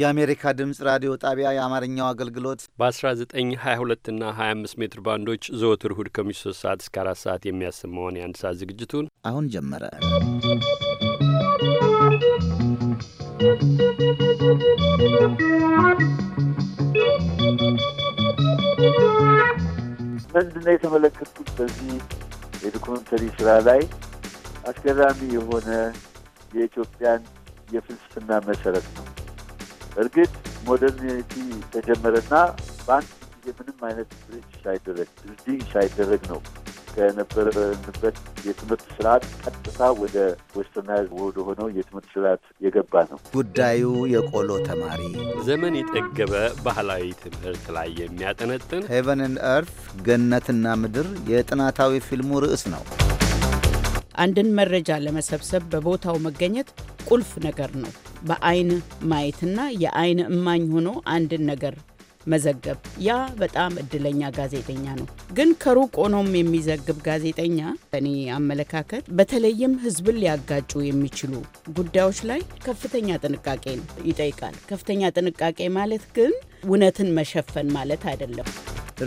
የአሜሪካ ድምፅ ራዲዮ ጣቢያ የአማርኛው አገልግሎት በ1922 እና 25 ሜትር ባንዶች ዘወትር እሁድ ከምሽቱ 3 ሰዓት እስከ 4 ሰዓት የሚያሰማውን የአንድ ሰዓት ዝግጅቱን አሁን ጀመረ። ምንድነው የተመለከቱት በዚህ የዶኩመንተሪ ስራ ላይ አስገራሚ የሆነ የኢትዮጵያን የፍልስፍና መሰረት ነው። እርግጥ ሞደርኒቲ ተጀመረና በአንድ ጊዜ ምንም አይነት ብሪጅ ሳይደረግ እዚህ ሳይደረግ ነው ከነበረንበት የትምህርት ስርዓት ቀጥታ ወደ ወስተርናይዝ ወደ ሆነው የትምህርት ስርዓት የገባ ነው። ጉዳዩ የቆሎ ተማሪ ዘመን የጠገበ ባህላዊ ትምህርት ላይ የሚያጠነጥን ሄቨንን እርፍ ገነትና ምድር የጥናታዊ ፊልሙ ርዕስ ነው። አንድን መረጃ ለመሰብሰብ በቦታው መገኘት ቁልፍ ነገር ነው። በአይን ማየትና የአይን እማኝ ሆኖ አንድን ነገር መዘገብ፣ ያ በጣም እድለኛ ጋዜጠኛ ነው። ግን ከሩቅ ሆኖም የሚዘግብ ጋዜጠኛ እኔ አመለካከት በተለይም ሕዝብን ሊያጋጩ የሚችሉ ጉዳዮች ላይ ከፍተኛ ጥንቃቄ ይጠይቃል። ከፍተኛ ጥንቃቄ ማለት ግን እውነትን መሸፈን ማለት አይደለም።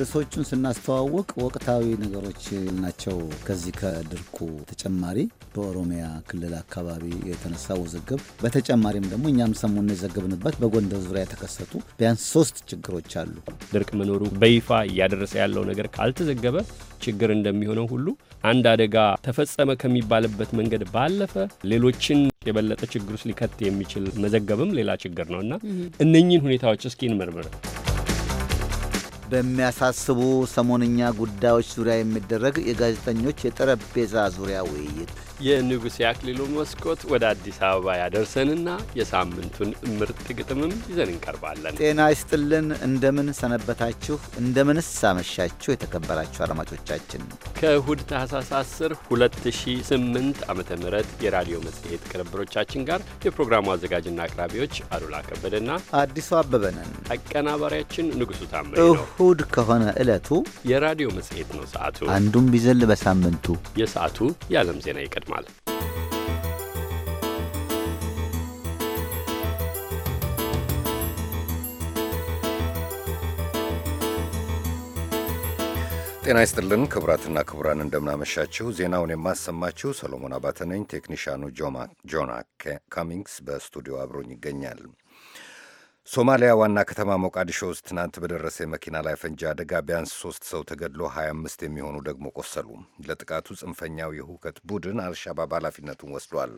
ርዕሶቹን ስናስተዋውቅ ወቅታዊ ነገሮች ናቸው። ከዚህ ከድርቁ ተጨማሪ በኦሮሚያ ክልል አካባቢ የተነሳ ውዝግብ፣ በተጨማሪም ደግሞ እኛም ሰሞኑን የዘገብንበት በጎንደር ዙሪያ የተከሰቱ ቢያንስ ሶስት ችግሮች አሉ። ድርቅ መኖሩ በይፋ እያደረሰ ያለው ነገር ካልተዘገበ ችግር እንደሚሆነው ሁሉ አንድ አደጋ ተፈጸመ ከሚባልበት መንገድ ባለፈ ሌሎችን የበለጠ ችግር ውስጥ ሊከት የሚችል መዘገብም ሌላ ችግር ነው እና እነኚህን ሁኔታዎች እስኪ እንመርምር። በሚያሳስቡ ሰሞንኛ ጉዳዮች ዙሪያ የሚደረግ የጋዜጠኞች የጠረጴዛ ዙሪያ ውይይት የንጉሴ አክሊሉ መስኮት ወደ አዲስ አበባ ያደርሰንና የሳምንቱን ምርጥ ግጥምም ይዘን እንቀርባለን። ጤና ይስጥልን። እንደምን ሰነበታችሁ? እንደምንስ አመሻችሁ? የተከበራችሁ አድማጮቻችን ከእሁድ ታህሳስ 10 2008 ዓ ም የራዲዮ መጽሔት ቅርብሮቻችን ጋር የፕሮግራሙ አዘጋጅና አቅራቢዎች አሉላ ከበደና አዲሱ አበበነን አቀናባሪያችን ንጉሱ ታምሬ ነው። እሁድ ከሆነ ዕለቱ የራዲዮ መጽሔት ነው። ሰዓቱ አንዱም ቢዘል በሳምንቱ የሰዓቱ የዓለም ዜና ይቀድማል። ይጠቅማል። ጤና ይስጥልን ክቡራትና ክቡራን፣ እንደምናመሻችሁ። ዜናውን የማሰማችሁ ሰሎሞን አባተ ነኝ። ጆና ካሚንግስ በስቱዲዮ አብሮኝ ይገኛል። ሶማሊያ ዋና ከተማ ሞቃዲሾ ውስጥ ትናንት በደረሰ የመኪና ላይ ፈንጂ አደጋ ቢያንስ ሶስት ሰው ተገድሎ 25 የሚሆኑ ደግሞ ቆሰሉ። ለጥቃቱ ጽንፈኛው የሁከት ቡድን አልሻባብ ኃላፊነቱን ወስዷል።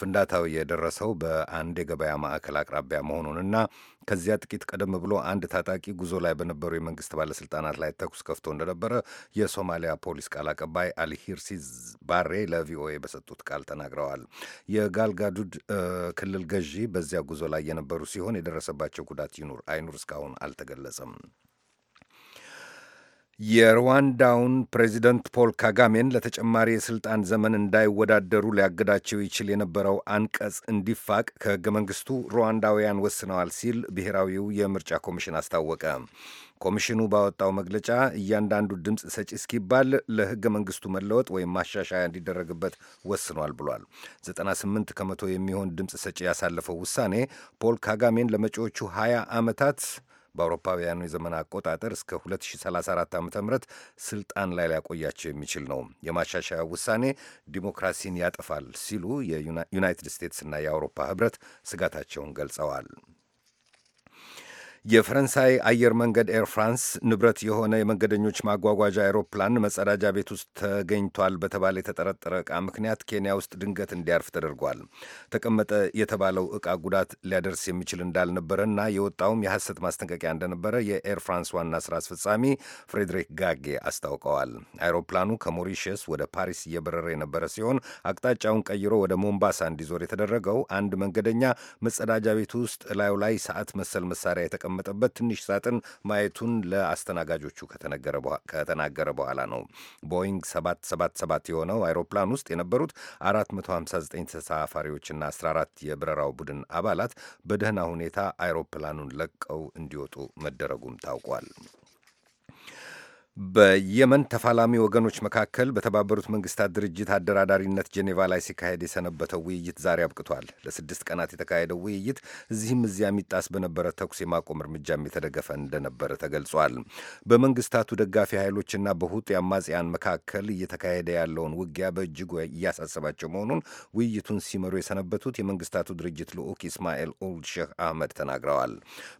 ፍንዳታው የደረሰው በአንድ የገበያ ማዕከል አቅራቢያ መሆኑንና ከዚያ ጥቂት ቀደም ብሎ አንድ ታጣቂ ጉዞ ላይ በነበሩ የመንግስት ባለስልጣናት ላይ ተኩስ ከፍቶ እንደነበረ የሶማሊያ ፖሊስ ቃል አቀባይ አልሂርሲ ባሬ ለቪኦኤ በሰጡት ቃል ተናግረዋል። የጋልጋዱድ ክልል ገዢ በዚያ ጉዞ ላይ የነበሩ ሲሆን የደረሰባቸው ጉዳት ይኑር አይኑር እስካሁን አልተገለጸም። የሩዋንዳውን ፕሬዚደንት ፖል ካጋሜን ለተጨማሪ የሥልጣን ዘመን እንዳይወዳደሩ ሊያግዳቸው ይችል የነበረው አንቀጽ እንዲፋቅ ከሕገ መንግሥቱ ሩዋንዳውያን ወስነዋል ሲል ብሔራዊው የምርጫ ኮሚሽን አስታወቀ። ኮሚሽኑ ባወጣው መግለጫ እያንዳንዱ ድምፅ ሰጪ እስኪባል ለሕገ መንግሥቱ መለወጥ ወይም ማሻሻያ እንዲደረግበት ወስኗል ብሏል። 98 ከመቶ የሚሆን ድምፅ ሰጪ ያሳለፈው ውሳኔ ፖል ካጋሜን ለመጪዎቹ 20 ዓመታት በአውሮፓውያኑ የዘመን አቆጣጠር እስከ 2034 ዓ ም ስልጣን ላይ ሊያቆያቸው የሚችል ነው። የማሻሻያ ውሳኔ ዲሞክራሲን ያጠፋል ሲሉ የዩናይትድ ስቴትስና የአውሮፓ ህብረት ስጋታቸውን ገልጸዋል። የፈረንሳይ አየር መንገድ ኤር ፍራንስ ንብረት የሆነ የመንገደኞች ማጓጓዣ አይሮፕላን መጸዳጃ ቤት ውስጥ ተገኝቷል በተባለ የተጠረጠረ ዕቃ ምክንያት ኬንያ ውስጥ ድንገት እንዲያርፍ ተደርጓል። ተቀመጠ የተባለው ዕቃ ጉዳት ሊያደርስ የሚችል እንዳልነበረ እና የወጣውም የሐሰት ማስጠንቀቂያ እንደነበረ የኤር ፍራንስ ዋና ስራ አስፈጻሚ ፍሬድሪክ ጋጌ አስታውቀዋል። አይሮፕላኑ ከሞሪሸስ ወደ ፓሪስ እየበረረ የነበረ ሲሆን አቅጣጫውን ቀይሮ ወደ ሞምባሳ እንዲዞር የተደረገው አንድ መንገደኛ መጸዳጃ ቤት ውስጥ ላዩ ላይ ሰዓት መሰል መሳሪያ የተቀመ በተቀመጠበት ትንሽ ሳጥን ማየቱን ለአስተናጋጆቹ ከተናገረ በኋላ ነው። ቦይንግ 777 የሆነው አይሮፕላን ውስጥ የነበሩት 459 ተሳፋሪዎችና 14 የበረራው ቡድን አባላት በደህና ሁኔታ አይሮፕላኑን ለቀው እንዲወጡ መደረጉም ታውቋል። በየመን ተፋላሚ ወገኖች መካከል በተባበሩት መንግስታት ድርጅት አደራዳሪነት ጄኔቫ ላይ ሲካሄድ የሰነበተው ውይይት ዛሬ አብቅቷል። ለስድስት ቀናት የተካሄደው ውይይት እዚህም እዚያም ይጣስ በነበረ ተኩስ የማቆም እርምጃም የተደገፈ እንደነበረ ተገልጿል። በመንግስታቱ ደጋፊ ኃይሎችና በሁጤ አማጽያን መካከል እየተካሄደ ያለውን ውጊያ በእጅጉ እያሳሰባቸው መሆኑን ውይይቱን ሲመሩ የሰነበቱት የመንግስታቱ ድርጅት ልዑክ ኢስማኤል ኦልድ ሼህ አህመድ ተናግረዋል።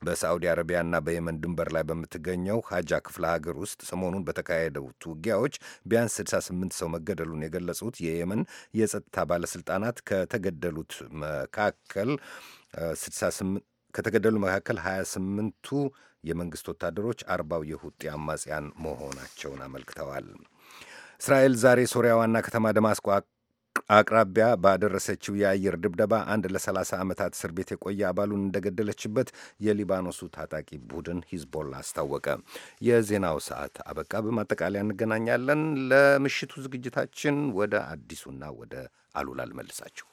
በሳዑዲ አረቢያና በየመን ድንበር ላይ በምትገኘው ሀጃ ክፍለ ሀገር ውስጥ ሰሞኑን በተካሄዱት ውጊያዎች ቢያንስ 68 ሰው መገደሉን የገለጹት የየመን የጸጥታ ባለስልጣናት ከተገደሉት መካከል 68 ከተገደሉ መካከል 28ቱ የመንግስት ወታደሮች፣ አርባው የሁጤ አማጽያን መሆናቸውን አመልክተዋል። እስራኤል ዛሬ ሶሪያ ዋና ከተማ ደማስቆ አቅራቢያ ባደረሰችው የአየር ድብደባ አንድ ለ30 ዓመታት እስር ቤት የቆየ አባሉን እንደገደለችበት የሊባኖሱ ታጣቂ ቡድን ሂዝቦላ አስታወቀ። የዜናው ሰዓት አበቃ። በማጠቃለያ እንገናኛለን። ለምሽቱ ዝግጅታችን ወደ አዲሱና ወደ አሉላ ልመልሳችሁ።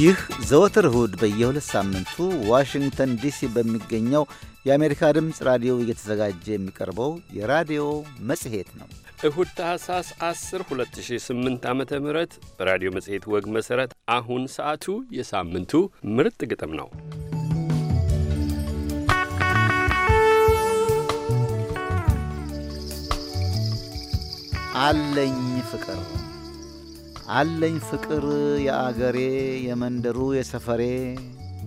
ይህ ዘወትር እሁድ በየሁለት ሳምንቱ ዋሽንግተን ዲሲ በሚገኘው የአሜሪካ ድምፅ ራዲዮ እየተዘጋጀ የሚቀርበው የራዲዮ መጽሔት ነው። እሁድ ታህሳስ 10 2008 ዓ ም በራዲዮ መጽሔት ወግ መሠረት አሁን ሰዓቱ የሳምንቱ ምርጥ ግጥም ነው። አለኝ ፍቅር አለኝ ፍቅር የአገሬ የመንደሩ የሰፈሬ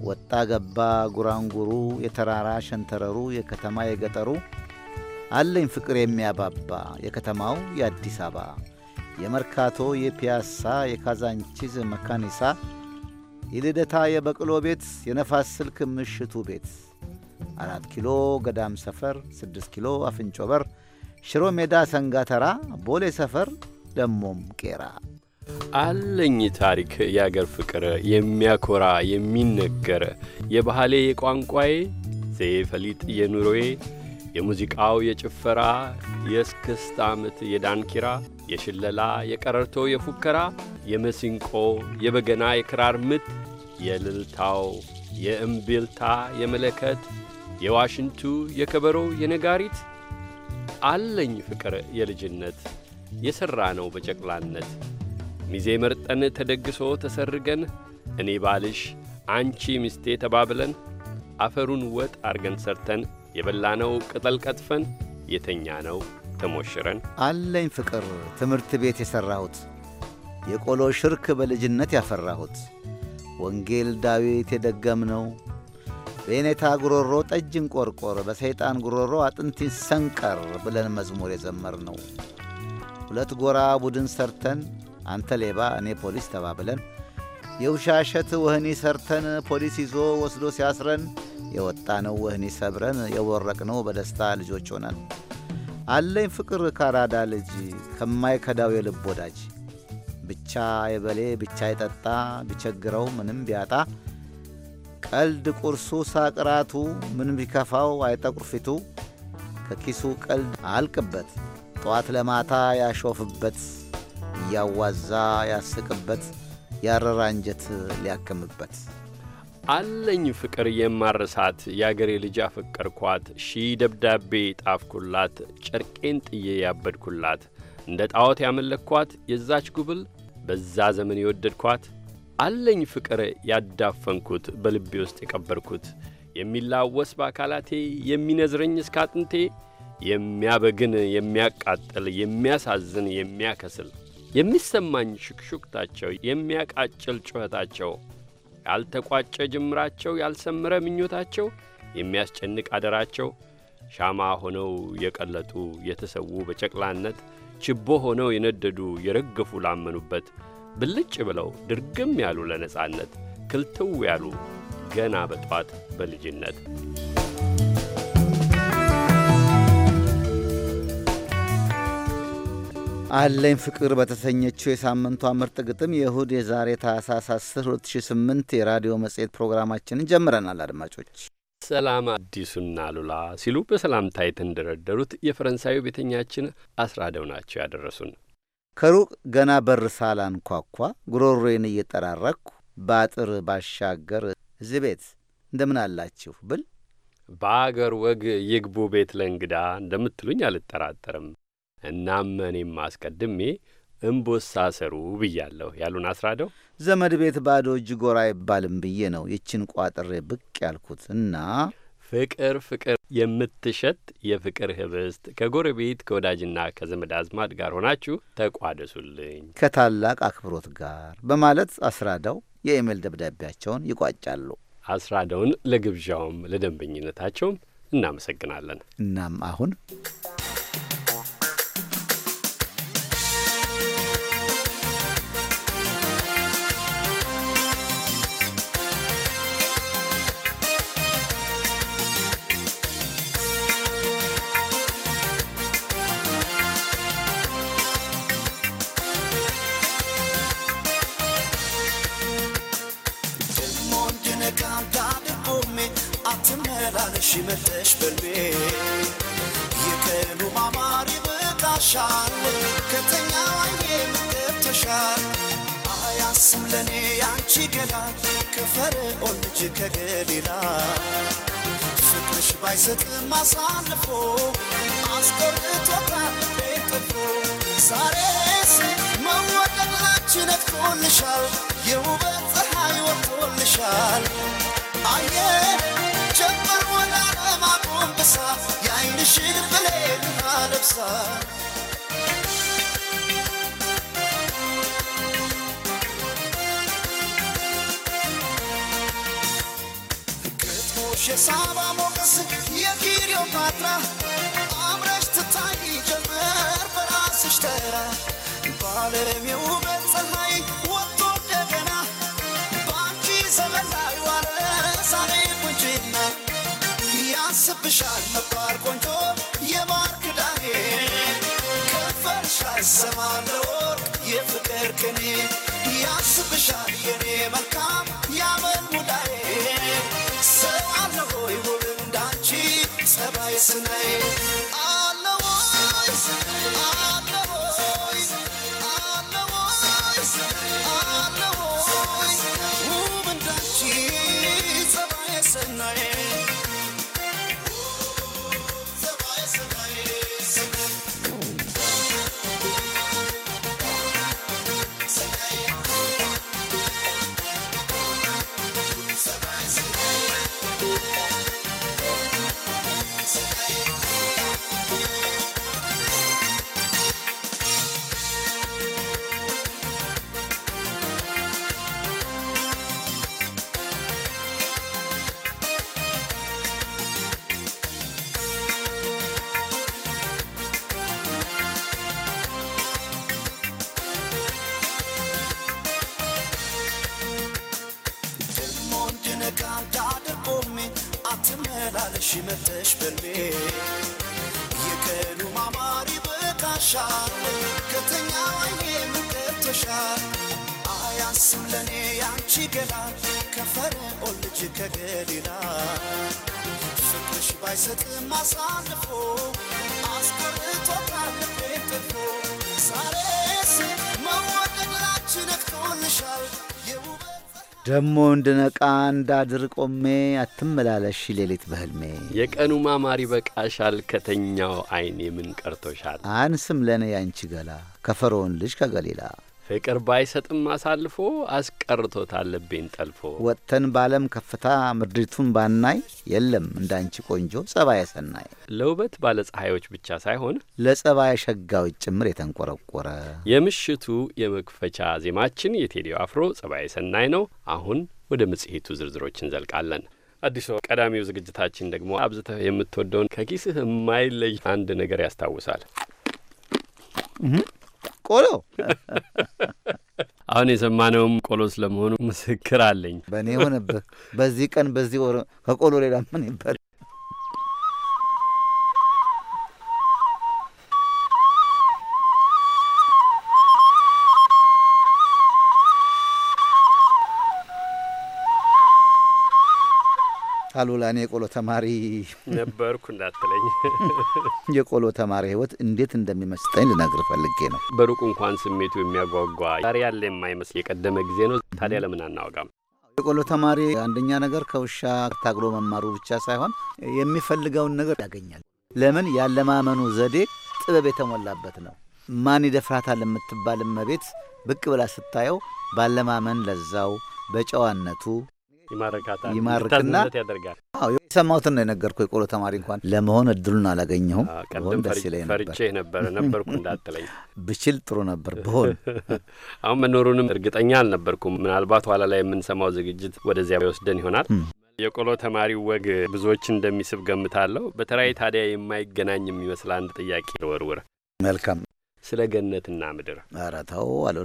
ወጣ ገባ ጉራንጉሩ የተራራ ሸንተረሩ የከተማ የገጠሩ አለኝ ፍቅር የሚያባባ የከተማው የአዲስ አበባ የመርካቶ የፒያሳ የካዛንቺዝ መካኒሳ የልደታ የበቅሎ ቤት የነፋስ ስልክ ምሽቱ ቤት አራት ኪሎ ገዳም ሰፈር ስድስት ኪሎ አፍንጮ በር ሽሮ ሜዳ ሰንጋተራ ቦሌ ሰፈር ደሞም ቄራ አለኝ ታሪክ የአገር ፍቅር የሚያኮራ የሚነገር የባህሌ የቋንቋዬ ፈሊጥ የኑሮዬ የሙዚቃው የጭፈራ የእስክስት ዓመት የዳንኪራ የሽለላ የቀረርቶ የፉከራ የመሲንቆ የበገና የክራር ምት የልልታው የእምቢልታ የመለከት የዋሽንቱ የከበሮ የነጋሪት አለኝ ፍቅር የልጅነት የሠራ ነው በጨቅላነት ሚዜ መርጠን ተደግሶ ተሰርገን እኔ ባልሽ አንቺ ሚስቴ ተባብለን አፈሩን ወጥ አርገን ሰርተን የበላነው ቅጠል ቀጥፈን የተኛ ነው ተሞሽረን አለኝ ፍቅር ትምህርት ቤት የሠራሁት የቆሎ ሽርክ በልጅነት ያፈራሁት ወንጌል ዳዊት የደገም ነው። በኔታ ጉሮሮ ጠጅ እንቆርቆር በሰይጣን ጉሮሮ አጥንቲ ሰንቀር ብለን መዝሙር የዘመር ነው። ሁለት ጎራ ቡድን ሰርተን አንተ ሌባ እኔ ፖሊስ ተባብለን የውሻሸት ወህኒ ሰርተን ፖሊስ ይዞ ወስዶ ሲያስረን የወጣነው ወህኒ ሰብረን የቦረቅነው በደስታ ልጆች ሆነን አለኝ ፍቅር ካራዳ ልጅ ከማይከዳው የልብ ወዳጅ ብቻ የበሌ ብቻ የጠጣ ቢቸግረው ምንም ቢያጣ ቀልድ ቁርሱ ሳቅራቱ ምን ቢከፋው አይጠቁር ፊቱ ከኪሱ ቀልድ አልቅበት ጠዋት ለማታ ያሾፍበት እያዋዛ ያስቅበት ያረራ አንጀት ሊያክምበት አለኝ ፍቅር የማረሳት የአገሬ ልጅ አፈቀርኳት ሺህ ደብዳቤ ጣፍኩላት ጨርቄን ጥዬ ያበድኩላት እንደ ጣዖት ያመለክኳት የዛች ጉብል በዛ ዘመን የወደድኳት አለኝ ፍቅር ያዳፈንኩት በልቤ ውስጥ የቀበርኩት የሚላወስ በአካላቴ የሚነዝረኝ እስካጥንቴ የሚያበግን የሚያቃጥል የሚያሳዝን የሚያከስል የሚሰማኝ ሹክሹክታቸው፣ የሚያቃጭል ጩኸታቸው፣ ያልተቋጨ ጅምራቸው፣ ያልሰመረ ምኞታቸው፣ የሚያስጨንቅ አደራቸው፣ ሻማ ሆነው የቀለጡ የተሰዉ በጨቅላነት ችቦ ሆነው የነደዱ የረገፉ ላመኑበት ብልጭ ብለው ድርግም ያሉ ለነጻነት ክልትው ያሉ ገና በጧት በልጅነት አለኝ ፍቅር በተሰኘችው የሳምንቷ ምርጥ ግጥም የእሁድ የዛሬ ታህሳስ 10 2008 የራዲዮ መጽሔት ፕሮግራማችንን ጀምረናል። አድማጮች ሰላም አዲሱና ሉላ ሲሉ በሰላምታ የተንደረደሩት የፈረንሳዩ ቤተኛችን አስራደው ናቸው ያደረሱን። ከሩቅ ገና በር ሳላንኳኳ ጉሮሮዬን እየጠራረኩ በአጥር ባሻገር እዚህ ቤት እንደምን አላችሁ ብል በአገር ወግ ይግቡ ቤት ለእንግዳ እንደምትሉኝ አልጠራጠርም። እናም እኔም አስቀድሜ እምቦሳ ሰሩ ብያለሁ ያሉን አስራደው ዘመድ ቤት ባዶ እጅ ጎራ አይባልም ብዬ ነው ይችን ቋጥሬ ብቅ ያልኩት እና ፍቅር ፍቅር የምትሸት የፍቅር ህብስት ከጎረቤት ከወዳጅና ከዘመድ አዝማድ ጋር ሆናችሁ ተቋደሱልኝ ከታላቅ አክብሮት ጋር በማለት አስራዳው የኢሜል ደብዳቤያቸውን ይቋጫሉ። አስራዳውን ለግብዣውም ለደንበኝነታቸውም እናመሰግናለን። እናም አሁን ተሻል ከተኛ አይኔ ምግብ ተሻል አያስም ለኔ ያንቺ ገላ ከፈርዖን ልጅ ከገሊላ ፍቅርሽ ባይሰጥም አሳልፎ አስቆርጦታል ጥፎ ዛሬስ መወደዳችን ነጥቆልሻል የውበት ፀሐይ ወጥቶልሻል አየ ጀምር ወደ ለብሳ ግጥሞሽ የሳባ ሞገስ የክሊዮፓትራ አምረሽ ትታይ ጀመር በራስሽ ተራ ዘመን ላይ ዋለ ዛሬ ቁንጅና ያስብሻል መባል ቆንጆ የባር ከፈርሽ አሰማለሁ የፍቅር ቅኔ ያስብሻል የኔ መልካም ያመል ሙዳዬ ሰው አለሆይ ውብ እንዳንቺ ጸባይ ስናይ ውብ እንዳንቺ ጸባይ ስናይ ጋርዳ አድርጎሜ አትመላለሽ መተሽ በልቤ የቀኑ ማማሪ በቃሻል ከተኛ ዋዬ ምገብተሻል አያንስም ለኔ ያንቺ ገላ ከፈርዖን ልጅ ከገሊላ ፍቅርሽ ባይሰጥም አሳልፎ አስቀርቶታል ልቤን ጥፎ ዛሬስ መወደድ ላንቺ ነክቶልሻል ደሞ እንድነቃ እንዳድር ቆሜ አትመላለሽ ሌሊት በህልሜ የቀኑ ማማሪ በቃሻል ከተኛው አይን የምን ቀርቶሻል አንስም ለእኔ ያንቺ ገላ ከፈርዖን ልጅ ከገሊላ ፍቅር ባይሰጥም አሳልፎ አስቀርቶታል ልቤን ጠልፎ። ወጥተን ባለም ከፍታ ምድሪቱን ባናይ የለም እንዳንቺ ቆንጆ ጸባይ ሰናይ። ለውበት ባለፀሐዮች ብቻ ሳይሆን ለጸባይ ሸጋዎች ጭምር የተንቆረቆረ የምሽቱ የመክፈቻ ዜማችን የቴዲ አፍሮ ጸባይ ሰናይ ነው። አሁን ወደ መጽሔቱ ዝርዝሮች እንዘልቃለን። አዲሶ ቀዳሚው ዝግጅታችን ደግሞ አብዝተህ የምትወደውን ከኪስህ የማይለይ አንድ ነገር ያስታውሳል። ቆሎ አሁን የሰማነውም ቆሎ ስለመሆኑ ምስክር አለኝ። በእኔ ሆነብህ በዚህ ቀን በዚህ ወር ከቆሎ ሌላ ምን ይባል? አሉላ እኔ የቆሎ ተማሪ ነበርኩ እንዳትለኝ። የቆሎ ተማሪ ህይወት እንዴት እንደሚመስጠኝ ልነግር ፈልጌ ነው። በሩቅ እንኳን ስሜቱ የሚያጓጓ ዛሬ ያለ የማይመስል የቀደመ ጊዜ ነው። ታዲያ ለምን አናወጋም? የቆሎ ተማሪ አንደኛ ነገር ከውሻ ታግሎ መማሩ ብቻ ሳይሆን የሚፈልገውን ነገር ያገኛል። ለምን ያለማመኑ ዘዴ ጥበብ የተሞላበት ነው። ማን ይደፍራታል የምትባል እመቤት ብቅ ብላ ስታየው ባለማመን ለዛው በጨዋነቱ ይማርካታል፣ ይማርክና ያደርጋል። የሰማሁትን ነው የነገርኩ። የቆሎ ተማሪ እንኳን ለመሆን እድሉን አላገኘሁም። ሆን ደስ ይለኝ ነበር። ፈርቼ ነበርኩ እንዳትለኝ ብችል ጥሩ ነበር ብሆን። አሁን መኖሩንም እርግጠኛ አልነበርኩም። ምናልባት ኋላ ላይ የምንሰማው ዝግጅት ወደዚያ ይወስደን ይሆናል። የቆሎ ተማሪ ወግ ብዙዎች እንደሚስብ ገምታለሁ። በተራይ ታዲያ የማይገናኝ የሚመስል አንድ ጥያቄ ወርውር። መልካም ስለ ገነትና ምድር አረታው አለ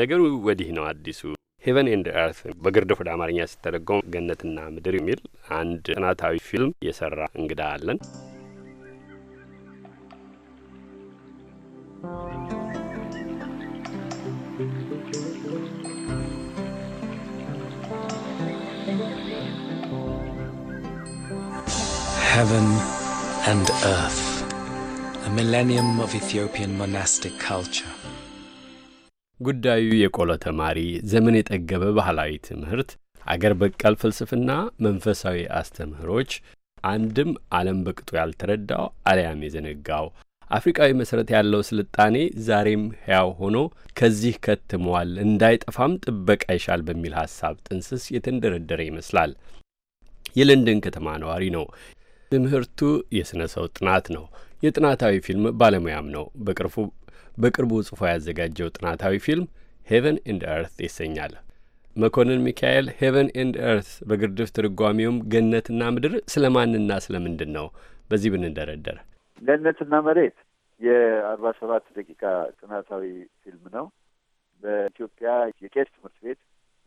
ነገሩ ወዲህ ነው አዲሱ ሄቨን ኤንድ ኤርት በግርድፍ ወደ አማርኛ ሲተረጎም ገነትና ምድር የሚል አንድ ጥናታዊ ፊልም የሰራ እንግዳ አለን። Heaven and Earth, a millennium of Ethiopian monastic culture. ጉዳዩ የቆሎ ተማሪ ዘመን የጠገበ ባህላዊ ትምህርት፣ አገር በቀል ፍልስፍና፣ መንፈሳዊ አስተምህሮች አንድም ዓለም በቅጡ ያልተረዳው አሊያም የዘነጋው አፍሪቃዊ መሠረት ያለው ስልጣኔ ዛሬም ሕያው ሆኖ ከዚህ ከትሟል እንዳይጠፋም ጥበቃ ይሻል በሚል ሐሳብ ጥንስስ የተንደረደረ ይመስላል። የለንደን ከተማ ነዋሪ ነው። ትምህርቱ የሥነ ሰው ጥናት ነው። የጥናታዊ ፊልም ባለሙያም ነው። በቅርፉ በቅርቡ ጽፎ ያዘጋጀው ጥናታዊ ፊልም ሄቨን ኤንድ ኤርት ይሰኛል። መኮንን ሚካኤል ሄቨን ኤንድ ኤርት በግርድፍ ትርጓሜውም ገነትና ምድር ስለ ማንና ስለ ምንድን ነው? በዚህ ብንደረደር ገነትና መሬት የአርባ ሰባት ደቂቃ ጥናታዊ ፊልም ነው። በኢትዮጵያ የቄስ ትምህርት ቤት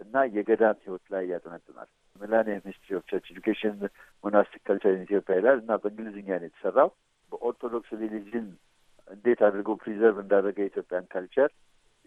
እና የገዳም ህይወት ላይ ያጠነጥናል። ሚላኒየም ሂስትሪ ኦፍ ቸርች ኤዱኬሽን ሞናስቲክ ካልቸር ኢትዮጵያ ይላል እና በእንግሊዝኛ ነው የተሰራው። በኦርቶዶክስ ሪሊጅን እንዴት አድርጎ ፕሪዘርቭ እንዳደረገ የኢትዮጵያን ካልቸር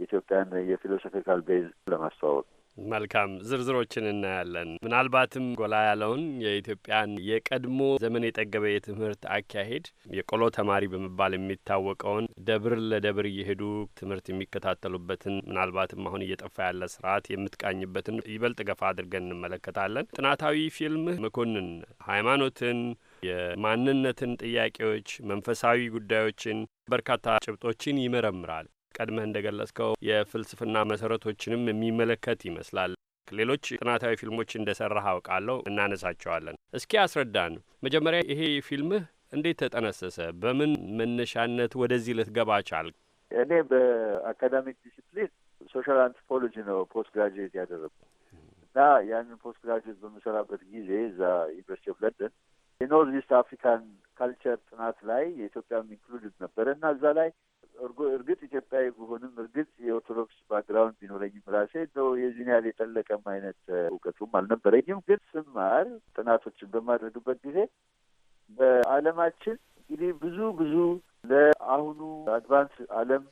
የኢትዮጵያን የፊሎሶፊካል ቤዝ ለማስተዋወቅ መልካም ዝርዝሮችን እናያለን። ምናልባትም ጎላ ያለውን የኢትዮጵያን የቀድሞ ዘመን የጠገበ የትምህርት አካሄድ የቆሎ ተማሪ በመባል የሚታወቀውን ደብር ለደብር እየሄዱ ትምህርት የሚከታተሉበትን ምናልባትም አሁን እየጠፋ ያለ ስርዓት የምትቃኝበትን ይበልጥ ገፋ አድርገን እንመለከታለን። ጥናታዊ ፊልም መኮንን ሃይማኖትን የማንነትን ጥያቄዎች፣ መንፈሳዊ ጉዳዮችን፣ በርካታ ጭብጦችን ይመረምራል። ቀድመህ እንደገለጽከው የፍልስፍና መሰረቶችንም የሚመለከት ይመስላል። ሌሎች ጥናታዊ ፊልሞች እንደሰራህ አውቃለሁ፣ እናነሳቸዋለን። እስኪ አስረዳን። መጀመሪያ ይሄ ፊልምህ እንዴት ተጠነሰሰ? በምን መነሻነት ወደዚህ ልትገባ ቻልክ? እኔ በአካዳሚክ ዲስፕሊን ሶሻል አንትሮፖሎጂ ነው ፖስት ግራጁዌት ያደረጉ እና ያንን ፖስት ግራጁዌት በምሰራበት ጊዜ እዛ ዩኒቨርሲቲ ኦፍ ለንደን የኖርዝ ኢስት አፍሪካን ካልቸር ጥናት ላይ የኢትዮጵያም ኢንክሉድድ ነበረ እና እዛ ላይ እርግጥ ኢትዮጵያዊ ብሆንም እርግጥ የኦርቶዶክስ ባክግራውንድ ቢኖረኝም ራሴ እንደው የዚህን ያህል የጠለቀም አይነት እውቀቱም አልነበረኝም። ግን ስማር ጥናቶችን በማድረግበት ጊዜ በዓለማችን እንግዲህ ብዙ ብዙ ለአሁኑ አድቫንስ ዓለም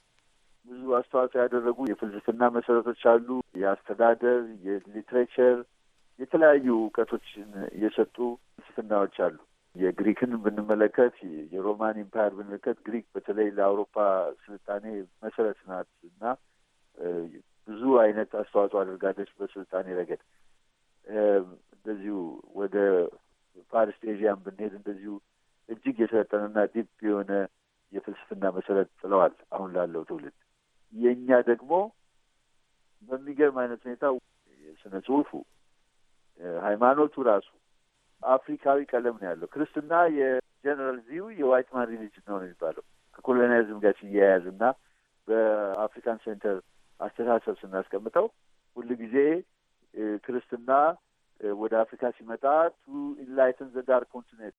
ብዙ አስተዋጽኦ ያደረጉ የፍልስፍና መሰረቶች አሉ። የአስተዳደር፣ የሊትሬቸር የተለያዩ እውቀቶችን የሰጡ ፍልስፍናዎች አሉ። የግሪክን ብንመለከት፣ የሮማን ኢምፓየር ብንመለከት ግሪክ በተለይ ለአውሮፓ ስልጣኔ መሰረት ናት እና ብዙ አይነት አስተዋጽኦ አድርጋለች በስልጣኔ ረገድ። እንደዚሁ ወደ ፋርስት ኤዥያን ብንሄድ እንደዚሁ እጅግ የሰለጠነና ዲፕ የሆነ የፍልስፍና መሰረት ጥለዋል አሁን ላለው ትውልድ። የእኛ ደግሞ በሚገርም አይነት ሁኔታ የስነ ጽሁፉ ሃይማኖቱ ራሱ አፍሪካዊ ቀለም ነው ያለው። ክርስትና የጀነራል ዚዩ የዋይት ማን ሪሊጅን ነው ነው የሚባለው ከኮሎኒያሊዝም ጋር ሲያያዝ እና በአፍሪካን ሴንተር አስተሳሰብ ስናስቀምጠው ሁሉ ጊዜ ክርስትና ወደ አፍሪካ ሲመጣ ቱ ኢንላይትን ዘ ዳርክ ኮንቲኔንት